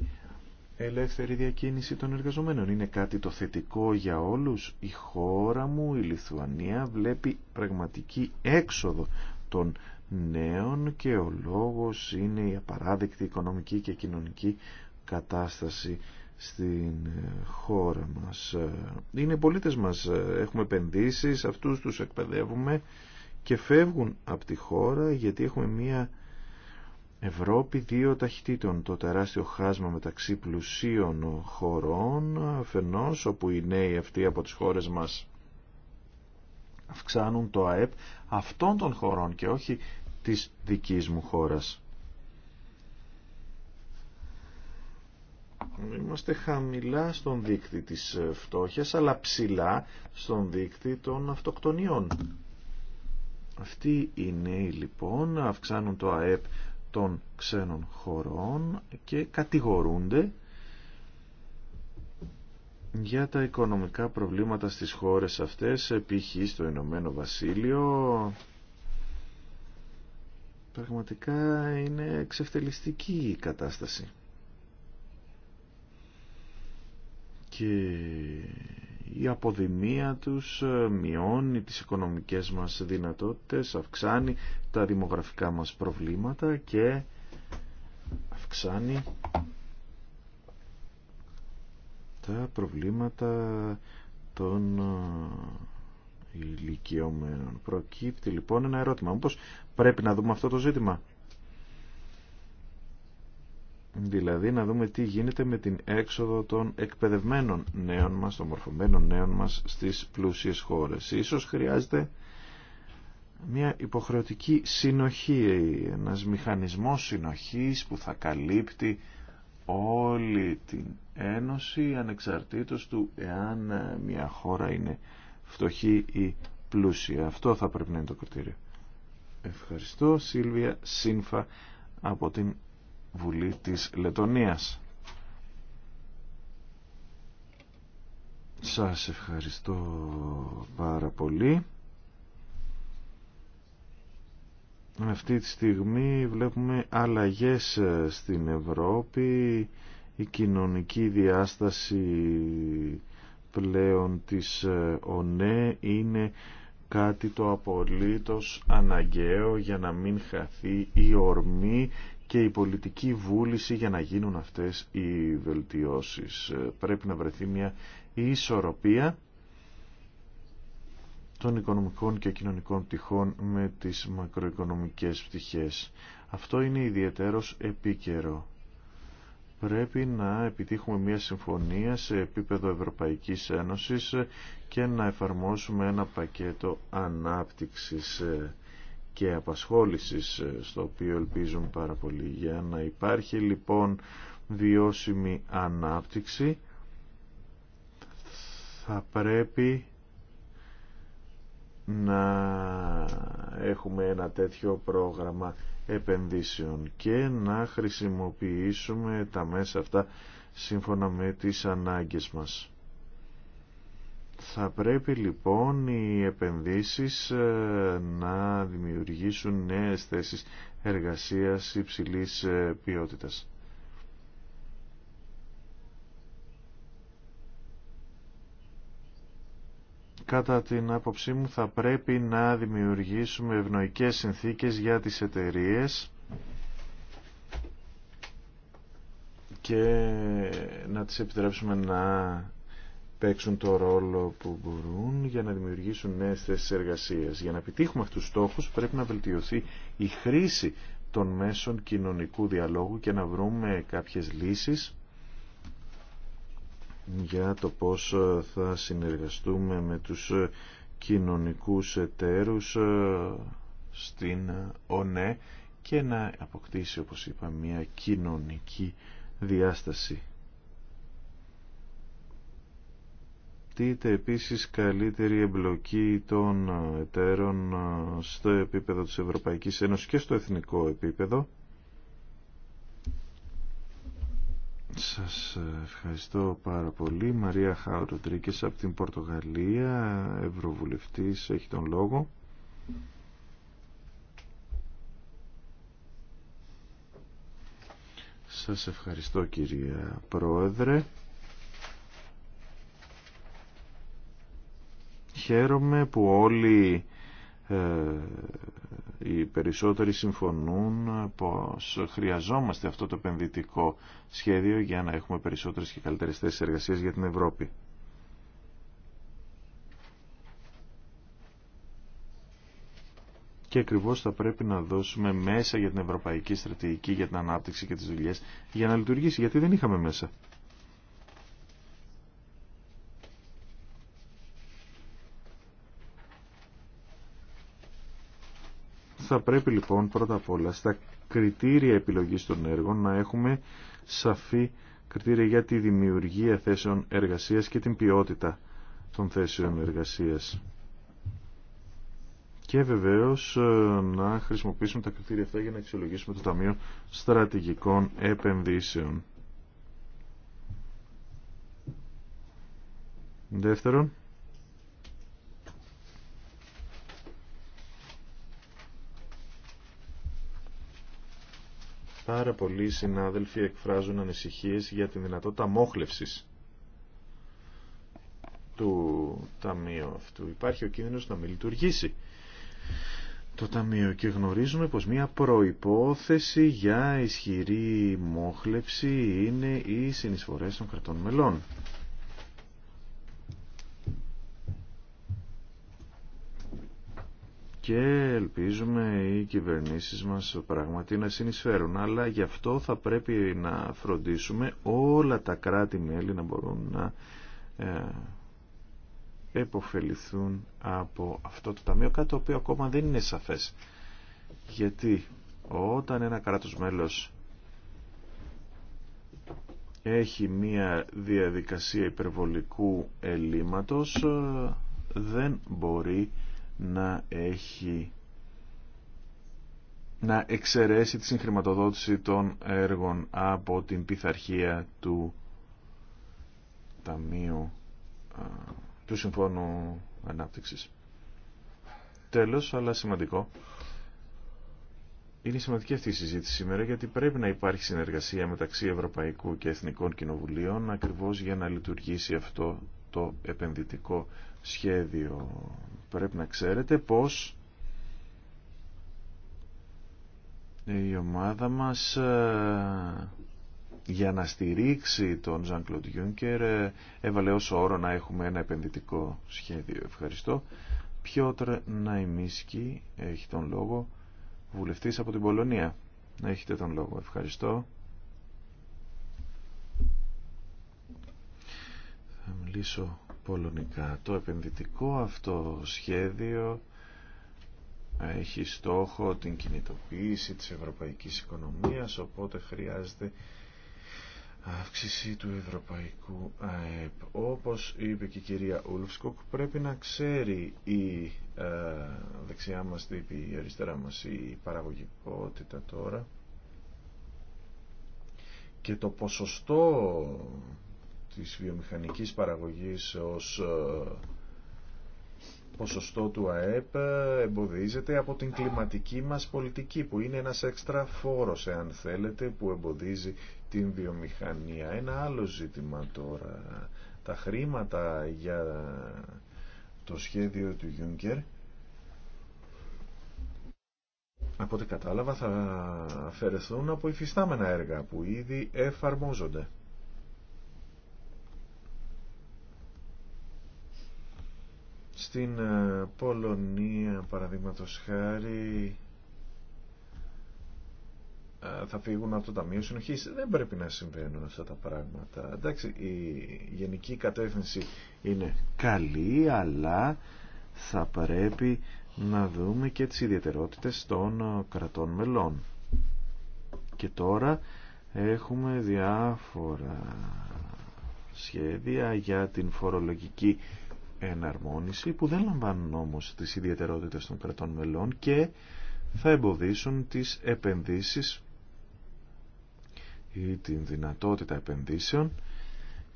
ελεύθερη διακίνηση των εργαζομένων. Είναι κάτι το θετικό για όλους. Η χώρα μου, η Λιθουανία, βλέπει πραγματική έξοδο των νέων και ο λόγος είναι η απαράδεκτη οικονομική και κοινωνική κατάσταση στην ε, χώρα μας. Είναι πολίτες μας, ε, έχουμε επενδύσει, αυτούς τους εκπαιδεύουμε και φεύγουν από τη χώρα γιατί έχουμε μία Ευρώπη δύο ταχυτήτων. Το τεράστιο χάσμα μεταξύ πλουσίων χωρών, αφενός όπου οι νέοι αυτοί από τις χώρες μας αυξάνουν το ΑΕΠ αυτών των χωρών και όχι της δικής μου χώρας. Είμαστε χαμηλά στον δίκτυ της ε, φτώχειας, αλλά ψηλά στον δίκτυ των αυτοκτονιών. Αυτοί οι νέοι λοιπόν αυξάνουν το ΑΕΠ των ξένων χωρών και κατηγορούνται για τα οικονομικά προβλήματα στις χώρες αυτές, π.χ. στο Ηνωμένο Βασίλειο, πραγματικά είναι εξευτελιστική η κατάσταση. Και η αποδημία τους μειώνει τις οικονομικές μας δυνατότητες, αυξάνει τα δημογραφικά μας προβλήματα και αυξάνει τα προβλήματα των ηλικιωμένων. Προκύπτει λοιπόν ένα ερώτημα. όπως πρέπει να δούμε αυτό το ζήτημα. Δηλαδή να δούμε τι γίνεται με την έξοδο των εκπαιδευμένων νέων μας, των μορφωμένων νέων μας στις πλούσιες χώρες. Ίσως χρειάζεται μια υποχρεωτική συνοχή, ένας μηχανισμός συνοχής που θα καλύπτει όλη την Ένωση ανεξαρτήτως του εάν ε, μια χώρα είναι φτωχή ή πλούσια. Αυτό θα πρέπει να είναι το κριτήριο. Ευχαριστώ Σίλβια Σύνφα από την Βουλή της Λετωνίας. Σας ευχαριστώ πάρα πολύ. Αυτή τη στιγμή βλέπουμε αλλαγές ε, στην Ευρώπη, η κοινωνική διάσταση πλέον της ε, ΟΝΕ είναι κάτι το απολύτως αναγκαίο για να μην χαθεί η ορμή και η πολιτική βούληση για να γίνουν αυτές οι βελτιώσεις. Ε, πρέπει να βρεθεί μια ισορροπία των οικονομικών και κοινωνικών πτυχών με τις μακροοικονομικές πτυχές. Αυτό είναι ιδιαίτερος επίκαιρο. Πρέπει να επιτύχουμε μια συμφωνία σε επίπεδο Ευρωπαϊκής Ένωσης και να εφαρμόσουμε ένα πακέτο ανάπτυξης και απασχόλησης στο οποίο ελπίζουν πάρα πολύ για να υπάρχει λοιπόν βιώσιμη ανάπτυξη θα πρέπει να έχουμε ένα τέτοιο πρόγραμμα επενδύσεων και να χρησιμοποιήσουμε τα μέσα αυτά σύμφωνα με τις ανάγκες μας. Θα πρέπει λοιπόν οι επενδύσεις ε, να δημιουργήσουν νέες θέσεις εργασίας υψηλής ε, ποιότητας. Κατά την άποψή μου θα πρέπει να δημιουργήσουμε ευνοϊκές συνθήκες για τις εταιρείες και να τις επιτρέψουμε να παίξουν το ρόλο που μπορούν για να δημιουργήσουν νέες θέσεις εργασίας. Για να επιτύχουμε αυτούς τους στόχους πρέπει να βελτιωθεί η χρήση των μέσων κοινωνικού διαλόγου και να βρούμε κάποιες λύσεις για το πώς ε, θα συνεργαστούμε με τους ε, κοινωνικούς εταίρους ε, στην ΟΝΕ και να αποκτήσει, όπως είπα, μια κοινωνική διάσταση. Τείτε επίσης καλύτερη εμπλοκή των εταίρων στο επίπεδο της Ευρωπαϊκής Ένωσης και στο εθνικό επίπεδο. Σας ευχαριστώ πάρα πολύ. Μαρία Χαουροντρίκης από την Πορτογαλία, Ευρωβουλευτής, έχει τον λόγο. Σας ευχαριστώ κυρία Πρόεδρε. Χαίρομαι που όλοι ε, οι περισσότεροι συμφωνούν πως χρειαζόμαστε αυτό το επενδυτικό σχέδιο για να έχουμε περισσότερες και καλύτερες θέσεις εργασίας για την Ευρώπη. και ακριβώς θα πρέπει να δώσουμε μέσα για την ευρωπαϊκή στρατηγική, για την ανάπτυξη και τις δουλειές για να λειτουργήσει, γιατί δεν είχαμε μέσα. Θα πρέπει λοιπόν πρώτα απ' όλα στα κριτήρια επιλογής των έργων να έχουμε σαφή κριτήρια για τη δημιουργία θέσεων εργασίας και την ποιότητα των θέσεων εργασίας. Και βεβαίως ε, να χρησιμοποιήσουμε τα κριτήρια αυτά για να αξιολογήσουμε το Ταμείο Στρατηγικών Επενδύσεων. Δεύτερον, πάρα πολλοί συνάδελφοι εκφράζουν ανησυχίες για τη δυνατότητα μόχλευσης του ταμείου αυτού. Υπάρχει ο κίνδυνος να μην λειτουργήσει το ταμείο και γνωρίζουμε πως μια προϋπόθεση για ισχυρή μόχλευση είναι οι συνεισφορές των κρατών μελών. και ελπίζουμε οι κυβερνήσεις μας πραγματικά να συνεισφέρουν. Αλλά γι' αυτό θα πρέπει να φροντίσουμε όλα τα κράτη-μέλη να μπορούν να ε, επωφεληθούν από αυτό το ταμείο, κάτι το οποίο ακόμα δεν είναι σαφές. Γιατί όταν ένα κράτος μέλος έχει μία διαδικασία υπερβολικού ελλείμματος, ε, δεν μπορεί να έχει να εξαιρέσει τη συγχρηματοδότηση των έργων από την πειθαρχία του Ταμείου του Συμφώνου Ανάπτυξης. Τέλος, αλλά σημαντικό, είναι σημαντική αυτή η συζήτηση σήμερα γιατί πρέπει να υπάρχει συνεργασία μεταξύ Ευρωπαϊκού και Εθνικών Κοινοβουλίων ακριβώς για να λειτουργήσει αυτό το επενδυτικό σχέδιο πρέπει να ξέρετε πως η ομάδα μας ε, για να στηρίξει τον Ζαν Κλοντ Γιούνκερ έβαλε ως όρο να έχουμε ένα επενδυτικό σχέδιο. Ευχαριστώ. Πιότρ Ναϊμίσκι έχει τον λόγο, βουλευτής από την Πολωνία. Έχετε τον λόγο. Ευχαριστώ. Θα μιλήσω πολωνικά. Το επενδυτικό αυτό σχέδιο έχει στόχο την κινητοποίηση της ευρωπαϊκής οικονομίας, οπότε χρειάζεται αύξηση του ευρωπαϊκού ΑΕΠ. Όπως είπε και η κυρία Ουλφσκοκ, πρέπει να ξέρει η ε, δεξιά μας τύπη, η αριστερά μας, η παραγωγικότητα τώρα και το ποσοστό της βιομηχανικής παραγωγής ως ε, ποσοστό του ΑΕΠ ε, εμποδίζεται από την κλιματική μας πολιτική που είναι ένας έξτρα φόρος εάν θέλετε που εμποδίζει την βιομηχανία. Ένα άλλο ζήτημα τώρα. Τα χρήματα για το σχέδιο του Γιούνκερ από ό,τι κατάλαβα θα αφαιρεθούν από υφιστάμενα έργα που ήδη εφαρμόζονται. Στην ε, Πολωνία, παραδείγματο χάρη, ε, θα φύγουν από το Ταμείο Συνοχής. Δεν πρέπει να συμβαίνουν αυτά τα πράγματα. Εντάξει, η γενική κατεύθυνση είναι καλή, αλλά θα πρέπει να δούμε και τις ιδιαιτερότητες των ε, κρατών μελών. Και τώρα έχουμε διάφορα σχέδια για την φορολογική εναρμόνιση που δεν λαμβάνουν όμως τις ιδιαιτερότητες των κρατών μελών και θα εμποδίσουν τις επενδύσεις ή την δυνατότητα επενδύσεων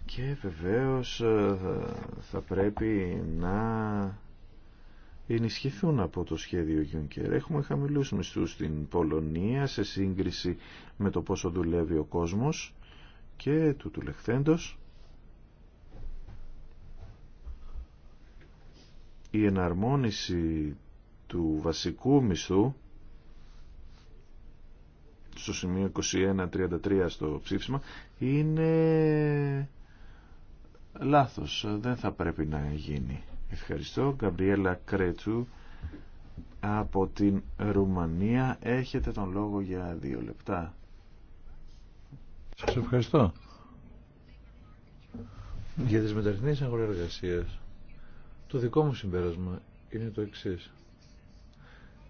και βεβαίως ε, θα πρέπει να ενισχυθούν από το σχέδιο Juncker. Έχουμε χαμηλούς μισθούς στην Πολωνία σε σύγκριση με το πόσο δουλεύει ο κόσμος και του του η εναρμόνιση του βασικού μισθού στο σημείο 21-33 στο ψήφισμα είναι λάθος, δεν θα πρέπει να γίνει. Ευχαριστώ. Γκαμπριέλα Κρέτσου από την Ρουμανία. Έχετε τον λόγο για δύο λεπτά. Σας ευχαριστώ για τις μεταρρυθμίσεις αγορές το δικό μου συμπέρασμα είναι το εξή.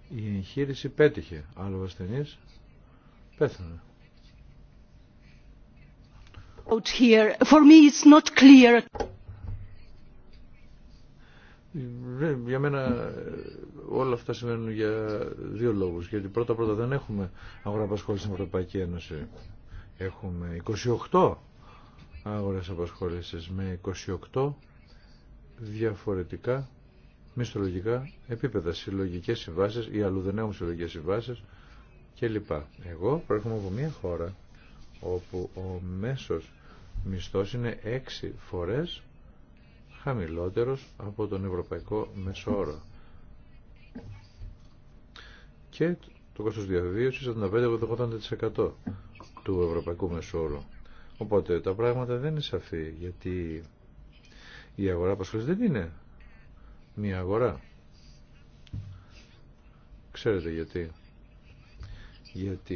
Η εγχείρηση πέτυχε, άλλο ο πέθανε πέθανε. Here. For me it's not clear. Ε, για μένα ε, όλα αυτά σημαίνουν για δύο λόγους. Γιατί πρώτα πρώτα δεν έχουμε αγορά απασχόληση στην Ευρωπαϊκή Ένωση. Έχουμε 28 αγορές απασχόλησης με 28 διαφορετικά μισθολογικά επίπεδα, συλλογικέ συμβάσει ή αλλού δεν έχουν συλλογικέ συμβάσει κλπ. Εγώ προέρχομαι από μια χώρα όπου ο μέσος μισθός είναι έξι φορές χαμηλότερος από τον ευρωπαϊκό μεσόρο. Και το κόστος διαβίωσης 75-80% του ευρωπαϊκού μεσόρου. Οπότε τα πράγματα δεν είναι σαφή γιατί η αγορά απασχόληση δεν είναι μια αγορά. Ξέρετε γιατί. Γιατί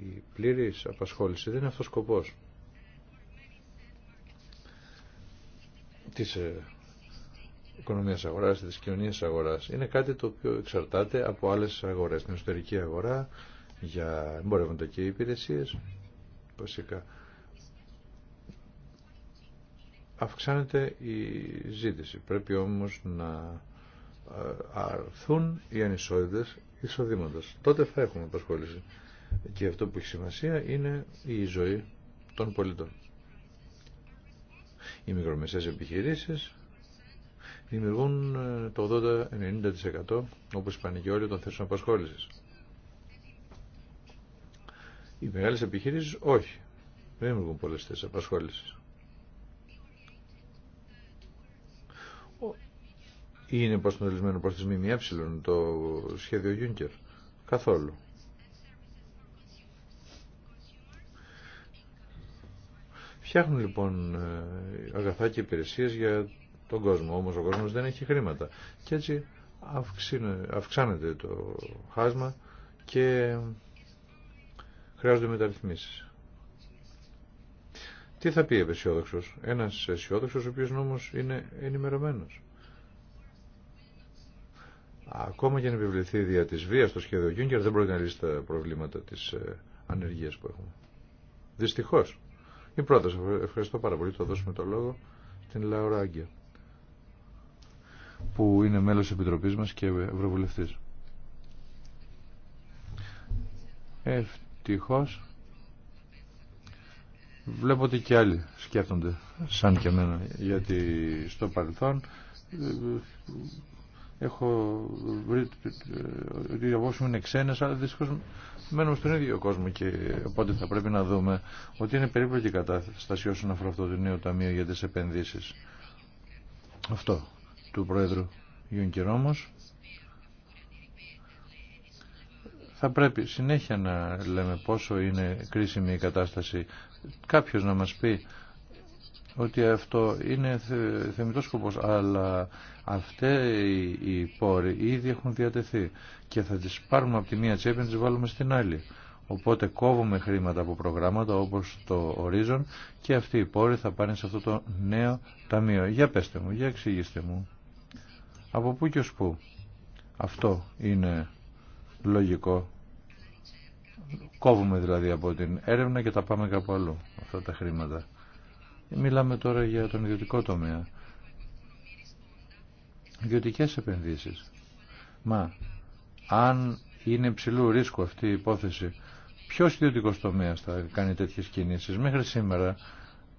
η πλήρης απασχόληση δεν είναι αυτός ο σκοπός. Της ε, οικονομίας αγοράς, της κοινωνίας αγοράς. Είναι κάτι το οποίο εξαρτάται από άλλες αγορές. Την εσωτερική αγορά για εμπορεύοντα και υπηρεσίες. Βασικά αυξάνεται η ζήτηση. Πρέπει όμως να ε, αρθούν οι ανισότητες εισοδήματος. Τότε θα έχουμε απασχόληση. Και αυτό που έχει σημασία είναι η ζωή των πολιτών. Οι μικρομεσαίες επιχειρήσεις δημιουργούν ε, το 80-90% όπως είπαν και όλοι των θέσεων απασχόλησης. Οι μεγάλες επιχειρήσεις όχι. Δεν δημιουργούν πολλές θέσεις απασχόλησης. ή είναι προσανατολισμένο προς τις ΜΜΕ το σχέδιο Γιούνκερ Καθόλου. Φτιάχνουν λοιπόν ε, αγαθά και υπηρεσίες για τον κόσμο, όμως ο κόσμος δεν έχει χρήματα. Και έτσι αυξάνεται το χάσμα και χρειάζονται μεταρρυθμίσεις. Τι θα πει αισιόδοξο, ένας αισιόδοξο ο οποίος όμως είναι ενημερωμένος. Ακόμα και αν επιβληθεί δια της βίας το σχέδιο Γιούγκερ δεν μπορεί να λύσει τα προβλήματα της ε, ανεργίας που έχουμε. Δυστυχώς. Η πρόταση. Ευχαριστώ πάρα πολύ. Θα δώσουμε το λόγο στην Λαώρα που είναι μέλος Επιτροπής μας και Ευρωβουλευτής. Ευτυχώς βλέπω ότι και άλλοι σκέφτονται σαν και εμένα γιατί στο παρελθόν ε, έχω βρει ότι μου είναι ξένες, αλλά δυστυχώς μένουμε στον ίδιο κόσμο και οπότε θα πρέπει να δούμε ότι είναι περίπλοκη κατάσταση όσον αφορά αυτό το νέο ταμείο για τις επενδύσεις. Αυτό του Πρόεδρου Γιούνκερ όμως θα πρέπει συνέχεια να λέμε πόσο είναι κρίσιμη η κατάσταση. Κάποιος να μας πει ότι αυτό είναι θεμητό σκοπός, αλλά Αυτέ οι πόροι ήδη έχουν διατεθεί και θα τις πάρουμε από τη μία τσέπη να τις βάλουμε στην άλλη. Οπότε κόβουμε χρήματα από προγράμματα όπως το Horizon και αυτοί οι πόροι θα πάνε σε αυτό το νέο ταμείο. Για πέστε μου, για εξηγήστε μου. Από πού και ως πού. Αυτό είναι λογικό. Κόβουμε δηλαδή από την έρευνα και τα πάμε κάπου αλλού αυτά τα χρήματα. Μιλάμε τώρα για τον ιδιωτικό τομέα ιδιωτικές επενδύσεις. Μα αν είναι υψηλού ρίσκου αυτή η υπόθεση, ποιος ιδιωτικό τομέα θα κάνει τέτοιες κινήσεις. Μέχρι σήμερα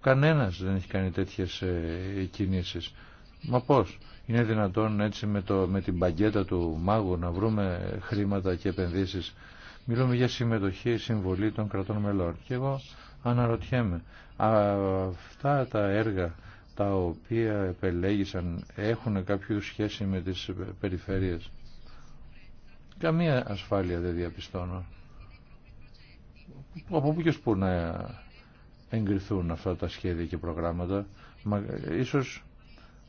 κανένας δεν έχει κάνει τέτοιες ε, κινήσεις. Μα πώς. Είναι δυνατόν έτσι με, το, με την παγκέτα του μάγου να βρούμε χρήματα και επενδύσεις. Μιλούμε για συμμετοχή, συμβολή των κρατών μελών. Και εγώ αναρωτιέμαι, αυτά τα έργα τα οποία επελέγησαν έχουν κάποιο σχέση με τις περιφέρειες. Καμία ασφάλεια δεν διαπιστώνω. Από πού και πού να εγκριθούν αυτά τα σχέδια και προγράμματα. Μα ίσως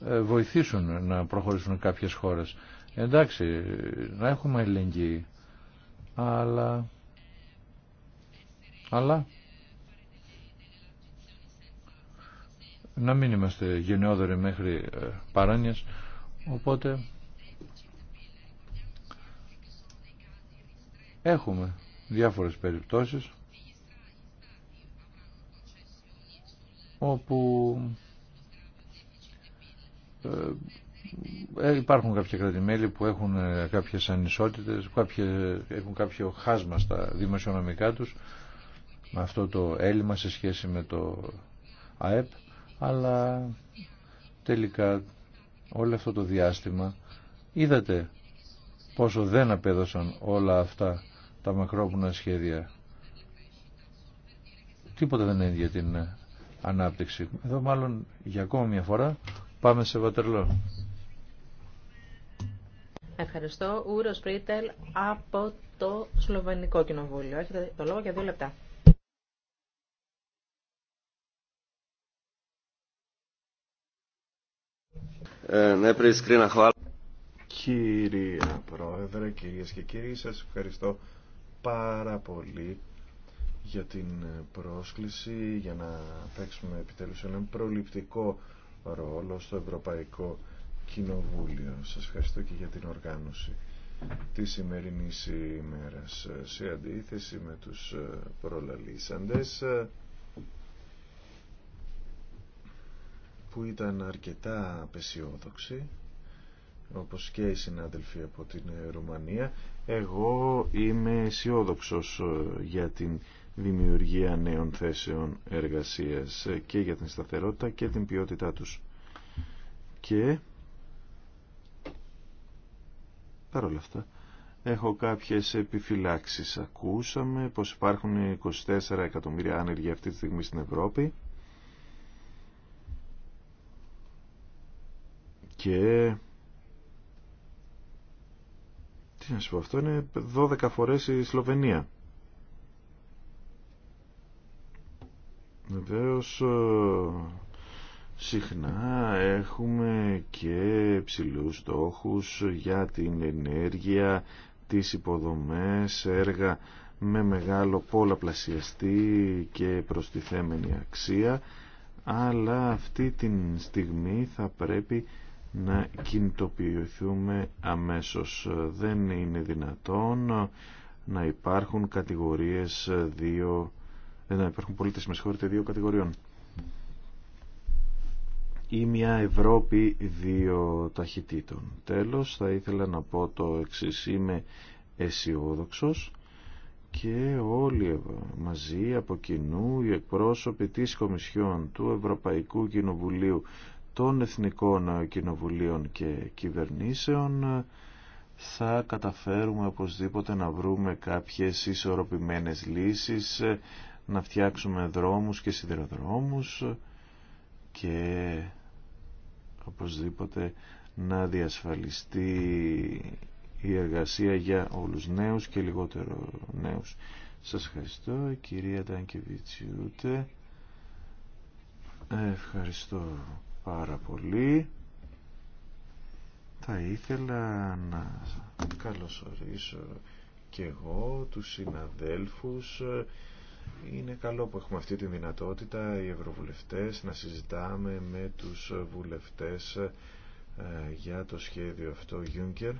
ε, βοηθήσουν να προχωρήσουν κάποιες χώρες. Εντάξει, να έχουμε ελεγγύη. Αλλά... Αλλά... να μην είμαστε γενναιόδοροι μέχρι ε, παράνοιας, οπότε έχουμε διάφορες περιπτώσεις όπου ε, ε, υπάρχουν κάποια κρατημέλη που έχουν κάποιες ανισότητες, κάποιες έχουν κάποιο χάσμα στα δημοσιονομικά τους με αυτό το έλλειμμα σε σχέση με το ΑΕΠ αλλά τελικά όλο αυτό το διάστημα είδατε πόσο δεν απέδωσαν όλα αυτά τα μακρόπουνα σχέδια. Τίποτα δεν είναι για την ανάπτυξη. Εδώ μάλλον για ακόμα μια φορά πάμε σε βατερλό. Ευχαριστώ. Ούρος Πρίτελ από το Σλοβενικό Κοινοβούλιο. Έχετε το λόγο για δύο λεπτά. Ε, ναι, Κύριε Πρόεδρε, κυρίες και κύριοι, σας ευχαριστώ πάρα πολύ για την πρόσκληση, για να παίξουμε επιτέλους έναν προληπτικό ρόλο στο Ευρωπαϊκό Κοινοβούλιο. Σας ευχαριστώ και για την οργάνωση της σημερινή ημέρας. Σε αντίθεση με τους προλαλήσαντες, που ήταν αρκετά απεσιόδοξη όπως και οι συνάδελφοι από την ε, Ρουμανία εγώ είμαι αισιόδοξο ε, για την δημιουργία νέων θέσεων εργασίας ε, και για την σταθερότητα και την ποιότητά τους και παρόλα αυτά έχω κάποιες επιφυλάξεις ακούσαμε πως υπάρχουν 24 εκατομμύρια άνεργοι αυτή τη στιγμή στην Ευρώπη και τι να σου πω αυτό είναι 12 φορές η Σλοβενία Βεβαίω ε, συχνά έχουμε και ψηλούς στόχους για την ενέργεια, τις υποδομές, έργα με μεγάλο πολλαπλασιαστή και προστιθέμενη αξία αλλά αυτή την στιγμή θα πρέπει να κινητοποιηθούμε αμέσως. Δεν είναι δυνατόν να υπάρχουν κατηγορίες δύο, ε, να υπάρχουν πολίτες με συγχωρείτε δύο κατηγοριών. Ή μια Ευρώπη δύο ταχυτήτων. Τέλος θα ήθελα να πω το εξής. Είμαι αισιόδοξο και όλοι μαζί από κοινού οι εκπρόσωποι της Κομισιόν του Ευρωπαϊκού Κοινοβουλίου των Εθνικών Κοινοβουλίων και Κυβερνήσεων θα καταφέρουμε οπωσδήποτε να βρούμε κάποιες ισορροπημένες λύσεις, να φτιάξουμε δρόμους και σιδηροδρόμους και οπωσδήποτε να διασφαλιστεί η εργασία για όλους νέους και λιγότερο νέους. Σας ευχαριστώ κυρία Τανκεβίτσιούτε. Ευχαριστώ πάρα πολύ. Θα ήθελα να καλωσορίσω και εγώ τους συναδέλφους. Είναι καλό που έχουμε αυτή τη δυνατότητα οι ευρωβουλευτές να συζητάμε με τους βουλευτές ε, για το σχέδιο αυτό Γιούγκερ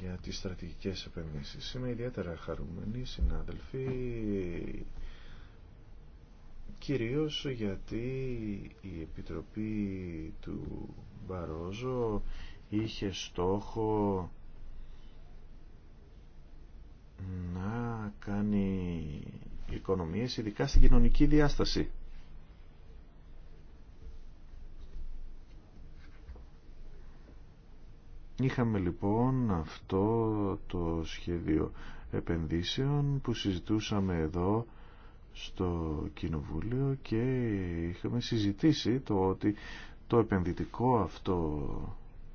για τις στρατηγικές επενδύσεις. Είμαι ιδιαίτερα χαρούμενοι συνάδελφοι, κυρίως γιατί η Επιτροπή του Μπαρόζο είχε στόχο να κάνει οικονομίες ειδικά στην κοινωνική διάσταση. Είχαμε λοιπόν αυτό το σχέδιο επενδύσεων που συζητούσαμε εδώ στο Κοινοβούλιο και είχαμε συζητήσει το ότι το επενδυτικό αυτό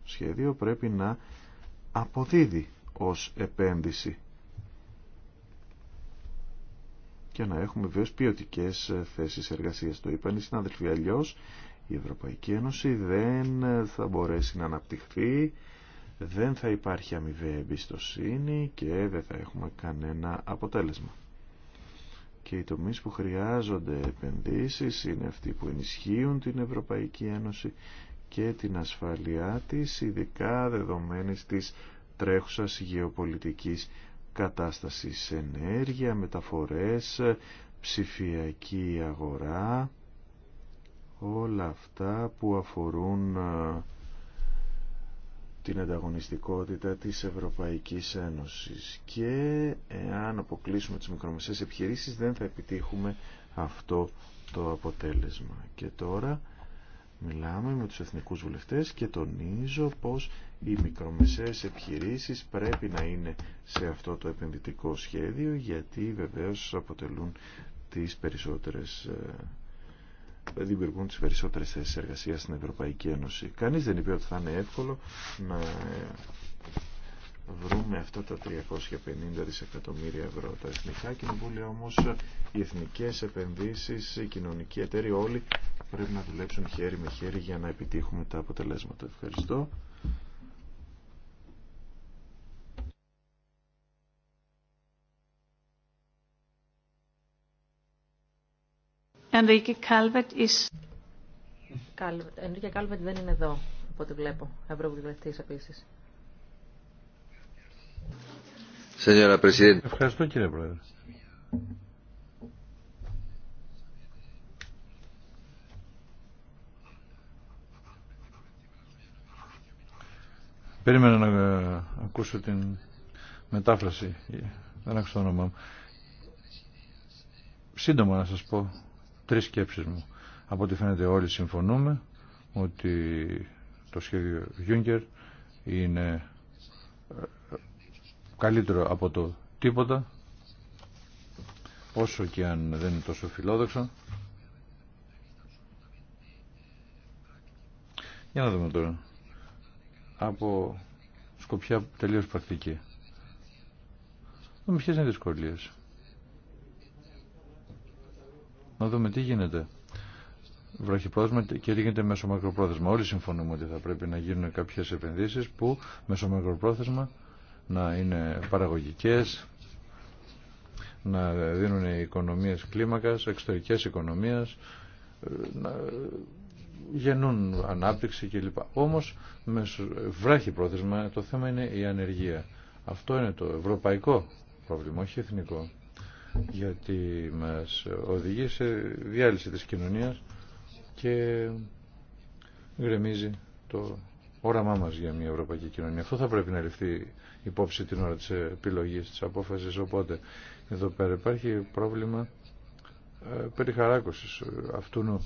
σχέδιο πρέπει να αποδίδει ως επένδυση και να έχουμε βεβαίως ποιοτικέ θέσεις εργασίας. Το είπαν οι συναδελφοί αλλιώ. Η Ευρωπαϊκή Ένωση δεν θα μπορέσει να αναπτυχθεί, δεν θα υπάρχει αμοιβαία εμπιστοσύνη και δεν θα έχουμε κανένα αποτέλεσμα και οι τομείς που χρειάζονται επενδύσεις είναι αυτοί που ενισχύουν την Ευρωπαϊκή Ένωση και την ασφαλειά της, ειδικά δεδομένης της τρέχουσας γεωπολιτικής κατάστασης ενέργεια, μεταφορές, ψηφιακή αγορά, όλα αυτά που αφορούν ε, την ανταγωνιστικότητα της Ευρωπαϊκής Ένωσης και εάν αποκλείσουμε τις μικρομεσαίες επιχειρήσεις δεν θα επιτύχουμε αυτό το αποτέλεσμα. Και τώρα μιλάμε με τους εθνικούς βουλευτές και τονίζω πως οι μικρομεσαίες επιχειρήσεις πρέπει να είναι σε αυτό το επενδυτικό σχέδιο γιατί βεβαίως αποτελούν τις περισσότερες ε, δημιουργούν τις περισσότερες θέσει εργασίας στην Ευρωπαϊκή Ένωση. Κανείς δεν είπε ότι θα είναι εύκολο να βρούμε αυτά τα 350 δισεκατομμύρια ευρώ τα εθνικά κοινοβούλια όμως οι εθνικές επενδύσεις, οι κοινωνικοί εταίροι όλοι πρέπει να δουλέψουν χέρι με χέρι για να επιτύχουμε τα αποτελέσματα. Ευχαριστώ. Enrique Calvet is... Enrique Calvet δεν είναι εδώ, από ό,τι βλέπω. Ευρωβουλευτή επίση. Ευχαριστώ κύριε Πρόεδρε. Περίμενα να ε, ακούσω την μετάφραση. Ε, δεν άκουσα το όνομά μου. Σύντομα να σας πω τρεις σκέψεις μου. Από ό,τι φαίνεται όλοι συμφωνούμε ότι το σχέδιο Γιούγκερ είναι ε, καλύτερο από το τίποτα όσο και αν δεν είναι τόσο φιλόδοξο. Για να δούμε τώρα. Από σκοπιά τελείως πρακτική. Δεν ποιες είναι δυσκολίες να δούμε τι γίνεται. Βραχυπρόθεσμα και τι γίνεται μέσω μακροπρόθεσμα. Όλοι συμφωνούμε ότι θα πρέπει να γίνουν κάποιες επενδύσεις που μέσω μακροπρόθεσμα να είναι παραγωγικές, να δίνουν οικονομίε οικονομίες κλίμακας, εξωτερικές οικονομίες, να γεννούν ανάπτυξη κλπ. Όμως με βράχη πρόθεσμα το θέμα είναι η ανεργία. Αυτό είναι το ευρωπαϊκό πρόβλημα, όχι εθνικό γιατί μας οδηγεί σε διάλυση της κοινωνίας και γκρεμίζει το όραμά μας για μια ευρωπαϊκή κοινωνία. Αυτό θα πρέπει να ληφθεί υπόψη την ώρα της επιλογής, της απόφασης, οπότε εδώ πέρα υπάρχει πρόβλημα ε, περιχαράκωσης ε, αυτού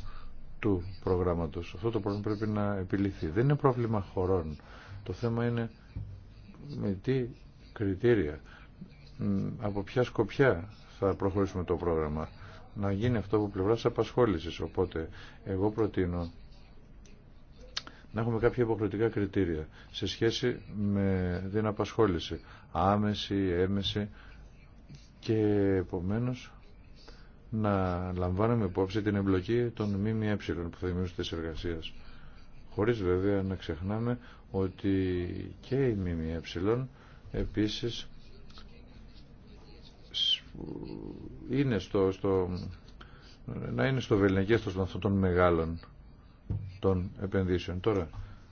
του προγράμματος. Αυτό το πρόβλημα πρέπει να επιληθεί. Δεν είναι πρόβλημα χωρών. Το θέμα είναι με τι κριτήρια, από ποια σκοπιά θα προχωρήσουμε το πρόγραμμα. Να γίνει αυτό από πλευρά απασχόλησης. Οπότε εγώ προτείνω να έχουμε κάποια υποχρεωτικά κριτήρια σε σχέση με την απασχόληση. Άμεση, έμεση και επομένως να λαμβάνουμε υπόψη την εμπλοκή των ΜΜΕ που θα δημιουργήσουν τις εργασίες. Χωρίς βέβαια να ξεχνάμε ότι και οι ΜΜΕ επίσης είναι στο, στο, να είναι στο βεληνικέστος των αυτών των μεγάλων των επενδύσεων. Τώρα,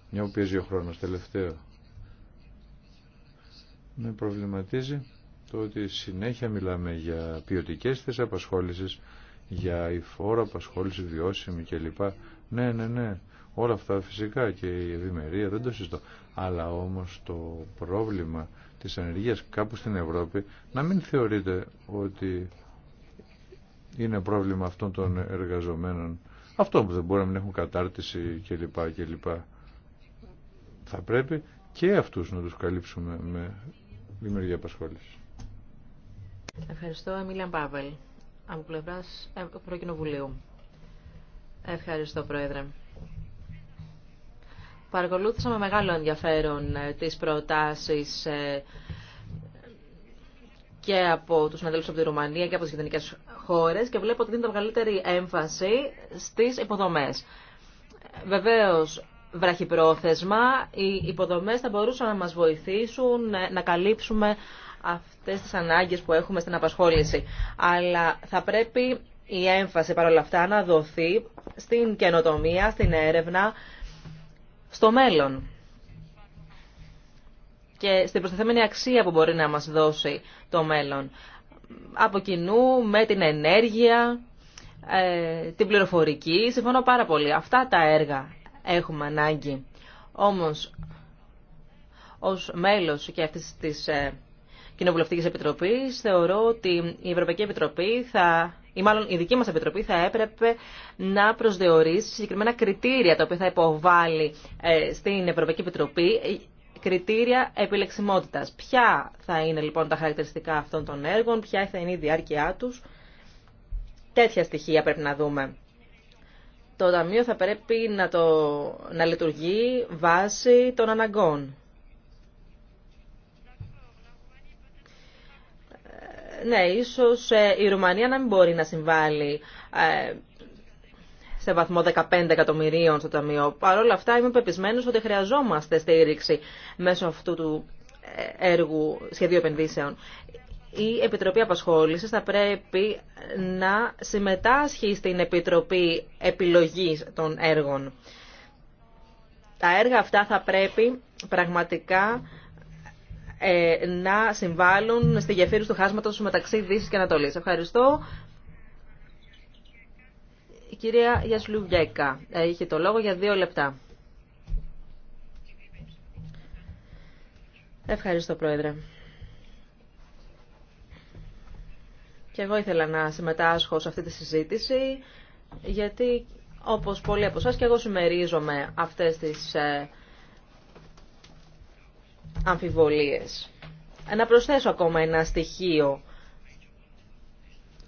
μια που πιέζει ο χρόνος τελευταίο, με προβληματίζει το ότι συνέχεια μιλάμε για ποιοτικές θέσεις απασχόλησης, για η απασχόληση βιώσιμη κλπ. Ναι, ναι, ναι. Όλα αυτά φυσικά και η ευημερία δεν το συζητώ. Αλλά όμως το πρόβλημα της ανεργίας κάπου στην Ευρώπη να μην θεωρείται ότι είναι πρόβλημα αυτών των εργαζομένων. Αυτό που δεν μπορεί να μην έχουν κατάρτιση κλπ. κλπ. Θα πρέπει και αυτούς να τους καλύψουμε με δημιουργία απασχόληση. Ευχαριστώ, Εμίλιαν Πάβελ, από Ευρωκοινοβουλίου. Ευχαριστώ, Πρόεδρε. Παρακολούθησα με μεγάλο ενδιαφέρον ε, τις προτάσεις ε, και από τους συναδέλφους από τη Ρουμανία και από τις γειτονικές χώρες και βλέπω ότι δίνεται μεγαλύτερη έμφαση στις υποδομές. Βεβαίως, βραχυπρόθεσμα, οι υποδομές θα μπορούσαν να μας βοηθήσουν ε, να καλύψουμε αυτές τις ανάγκες που έχουμε στην απασχόληση. Αλλά θα πρέπει η έμφαση παρόλα αυτά να δοθεί στην καινοτομία, στην έρευνα, στο μέλλον και στην προστιθέμενη αξία που μπορεί να μας δώσει το μέλλον. Από κοινού, με την ενέργεια, ε, την πληροφορική, συμφωνώ πάρα πολύ. Αυτά τα έργα έχουμε ανάγκη. Όμως, ως μέλος και αυτής της ε, Κοινοβουλευτικής Επιτροπής, θεωρώ ότι η Ευρωπαϊκή Επιτροπή θα ή μάλλον η δική μας Επιτροπή θα έπρεπε να προσδιορίσει συγκεκριμένα κριτήρια τα οποία θα υποβάλει ε, στην Ευρωπαϊκή Επιτροπή κριτήρια επιλεξιμότητας. Ποια θα είναι λοιπόν τα χαρακτηριστικά αυτών των έργων, ποια θα είναι η διάρκεια τους. Τέτοια στοιχεία πρέπει να δούμε. Το Ταμείο θα πρέπει να, το, να λειτουργεί βάσει των αναγκών. ναι, ίσως ε, η Ρουμανία να μην μπορεί να συμβάλλει ε, σε βαθμό 15 εκατομμυρίων στο Ταμείο. Παρ' όλα αυτά είμαι πεπισμένος ότι χρειαζόμαστε στήριξη μέσω αυτού του ε, έργου σχεδίου επενδύσεων. Η Επιτροπή Απασχόλησης θα πρέπει να συμμετάσχει στην Επιτροπή Επιλογής των Έργων. Τα έργα αυτά θα πρέπει πραγματικά ε, να συμβάλλουν στη γεφύρωση του χάσματο μεταξύ Δύση και ανατολή. Ευχαριστώ. Η κυρία Γιασλουβιέκα ε, είχε το λόγο για δύο λεπτά. Ευχαριστώ, Πρόεδρε. Και εγώ ήθελα να συμμετάσχω σε αυτή τη συζήτηση, γιατί όπως πολλοί από εσάς και εγώ συμμερίζομαι αυτές τις ε, αμφιβολίες. Να προσθέσω ακόμα ένα στοιχείο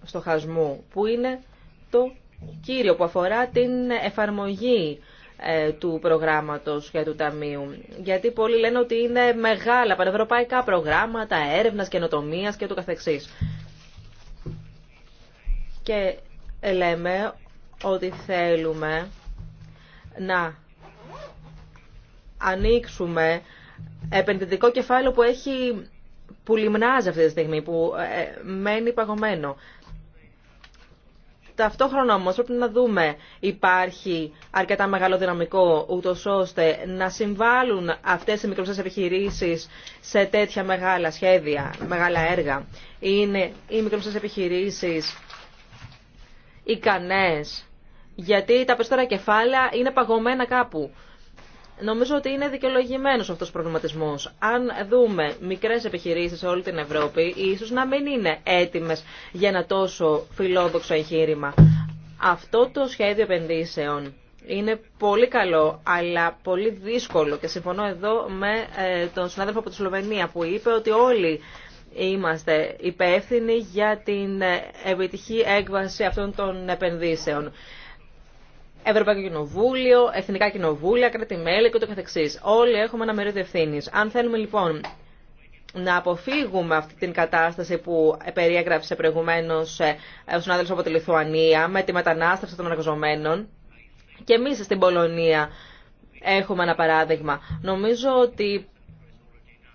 στο χασμό που είναι το κύριο που αφορά την εφαρμογή ε, του προγράμματος και του Ταμείου. Γιατί πολλοί λένε ότι είναι μεγάλα πανευρωπαϊκά προγράμματα έρευνας, καινοτομίας και του καθεξής. Και λέμε ότι θέλουμε να ανοίξουμε επενδυτικό κεφάλαιο που έχει που λιμνάζει αυτή τη στιγμή, που ε, ε, μένει παγωμένο. Ταυτόχρονα όμως πρέπει να δούμε υπάρχει αρκετά μεγάλο δυναμικό ούτω ώστε να συμβάλλουν αυτές οι μικροσές επιχειρήσεις σε τέτοια μεγάλα σχέδια, μεγάλα έργα. Είναι οι μικροσές επιχειρήσεις ικανές γιατί τα περισσότερα κεφάλαια είναι παγωμένα κάπου. Νομίζω ότι είναι δικαιολογημένος αυτός ο προβληματισμός. Αν δούμε μικρές επιχειρήσεις σε όλη την Ευρώπη, ίσως να μην είναι έτοιμε για ένα τόσο φιλόδοξο εγχείρημα. Αυτό το σχέδιο επενδύσεων είναι πολύ καλό, αλλά πολύ δύσκολο και συμφωνώ εδώ με ε, τον συνάδελφο από τη Σλοβενία που είπε ότι όλοι είμαστε υπεύθυνοι για την ε, επιτυχή έκβαση αυτών των επενδύσεων. Ευρωπαϊκό Κοινοβούλιο, Εθνικά Κοινοβούλια, κράτη-μέλη και ούτω καθεξής. Όλοι έχουμε ένα μερίδιο ευθύνη. Αν θέλουμε λοιπόν να αποφύγουμε αυτή την κατάσταση που περιέγραψε προηγουμένω ε, ο συνάδελφο από τη Λιθουανία με τη μετανάστευση των εργαζομένων, και εμεί στην Πολωνία έχουμε ένα παράδειγμα. Νομίζω ότι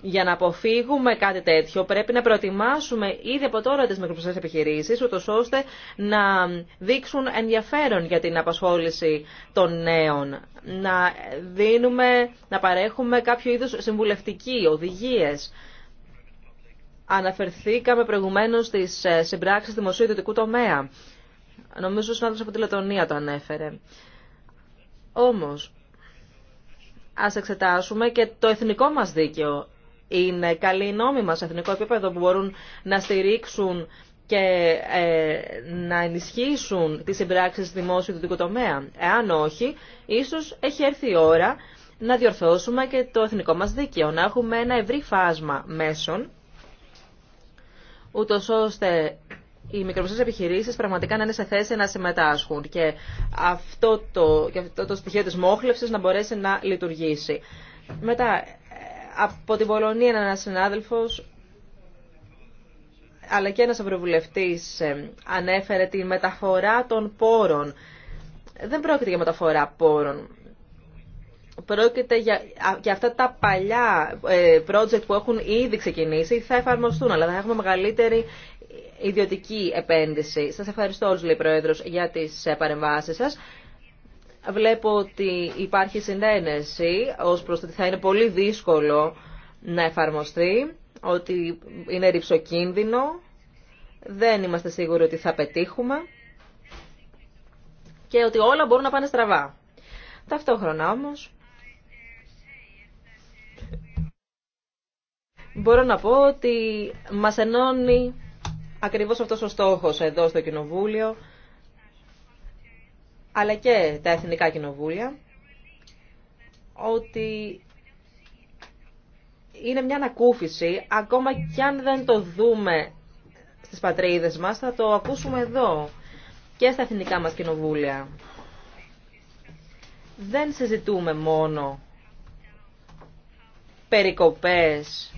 για να αποφύγουμε κάτι τέτοιο πρέπει να προετοιμάσουμε ήδη από τώρα τι μικροπιστέ επιχειρήσεις ούτως ώστε να δείξουν ενδιαφέρον για την απασχόληση των νέων. Να δίνουμε, να παρέχουμε κάποιο είδου συμβουλευτική, οδηγίε. Αναφερθήκαμε προηγουμένως στις ε, συμπράξει δημοσίου ιδιωτικού τομέα. Νομίζω ο συνάδελφο από τη Λετωνία το ανέφερε. Όμως, ας εξετάσουμε και το εθνικό μας δίκαιο είναι καλοί νόμοι σε εθνικό επίπεδο που μπορούν να στηρίξουν και ε, να ενισχύσουν τις συμπράξεις δημόσιου του δικοτομέα. Εάν όχι, ίσως έχει έρθει η ώρα να διορθώσουμε και το εθνικό μας δίκαιο, να έχουμε ένα ευρύ φάσμα μέσων, ούτω ώστε οι μικρομεσαίες επιχειρήσεις πραγματικά να είναι σε θέση να συμμετάσχουν και αυτό το, και αυτό το στοιχείο της μόχλευσης να μπορέσει να λειτουργήσει. Μετά, από την Πολωνία ένα συνάδελφο. αλλά και ένας ευρωβουλευτής ε, ανέφερε τη μεταφορά των πόρων. Δεν πρόκειται για μεταφορά πόρων. Πρόκειται για, αυτά τα παλιά ε, project που έχουν ήδη ξεκινήσει θα εφαρμοστούν, αλλά θα έχουμε μεγαλύτερη ιδιωτική επένδυση. Σας ευχαριστώ όλους, λέει Πρόεδρος, για τις ε, παρεμβάσεις σας. Βλέπω ότι υπάρχει συνένεση ως προς ότι θα είναι πολύ δύσκολο να εφαρμοστεί, ότι είναι ρηψοκίνδυνο, δεν είμαστε σίγουροι ότι θα πετύχουμε και ότι όλα μπορούν να πάνε στραβά. Ταυτόχρονα όμως μπορώ να πω ότι μας ενώνει ακριβώς αυτός ο στόχος εδώ στο Κοινοβούλιο αλλά και τα εθνικά κοινοβούλια, ότι είναι μια ανακούφιση, ακόμα κι αν δεν το δούμε στις πατρίδες μας, θα το ακούσουμε εδώ και στα εθνικά μας κοινοβούλια. Δεν συζητούμε μόνο περικοπές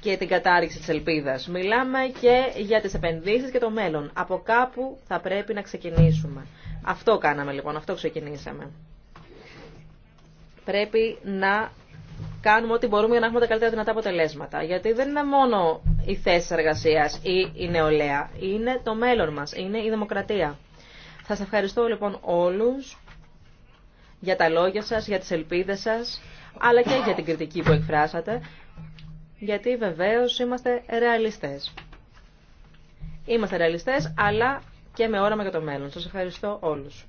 και την κατάρριξη της ελπίδα. Μιλάμε και για τις επενδύσεις και το μέλλον. Από κάπου θα πρέπει να ξεκινήσουμε. Αυτό κάναμε λοιπόν, αυτό ξεκινήσαμε. Πρέπει να κάνουμε ό,τι μπορούμε για να έχουμε τα καλύτερα δυνατά αποτελέσματα. Γιατί δεν είναι μόνο η θέση εργασία ή η νεολαία. Είναι το μέλλον μας, είναι η δημοκρατία. Θα σας ευχαριστώ λοιπόν όλους για τα λόγια σας, για τι ελπίδε σας, αλλά και για την κριτική που εκφράσατε γιατί βεβαίως είμαστε ρεαλιστές. Είμαστε ρεαλιστές, αλλά και με όραμα για το μέλλον. Σας ευχαριστώ όλους.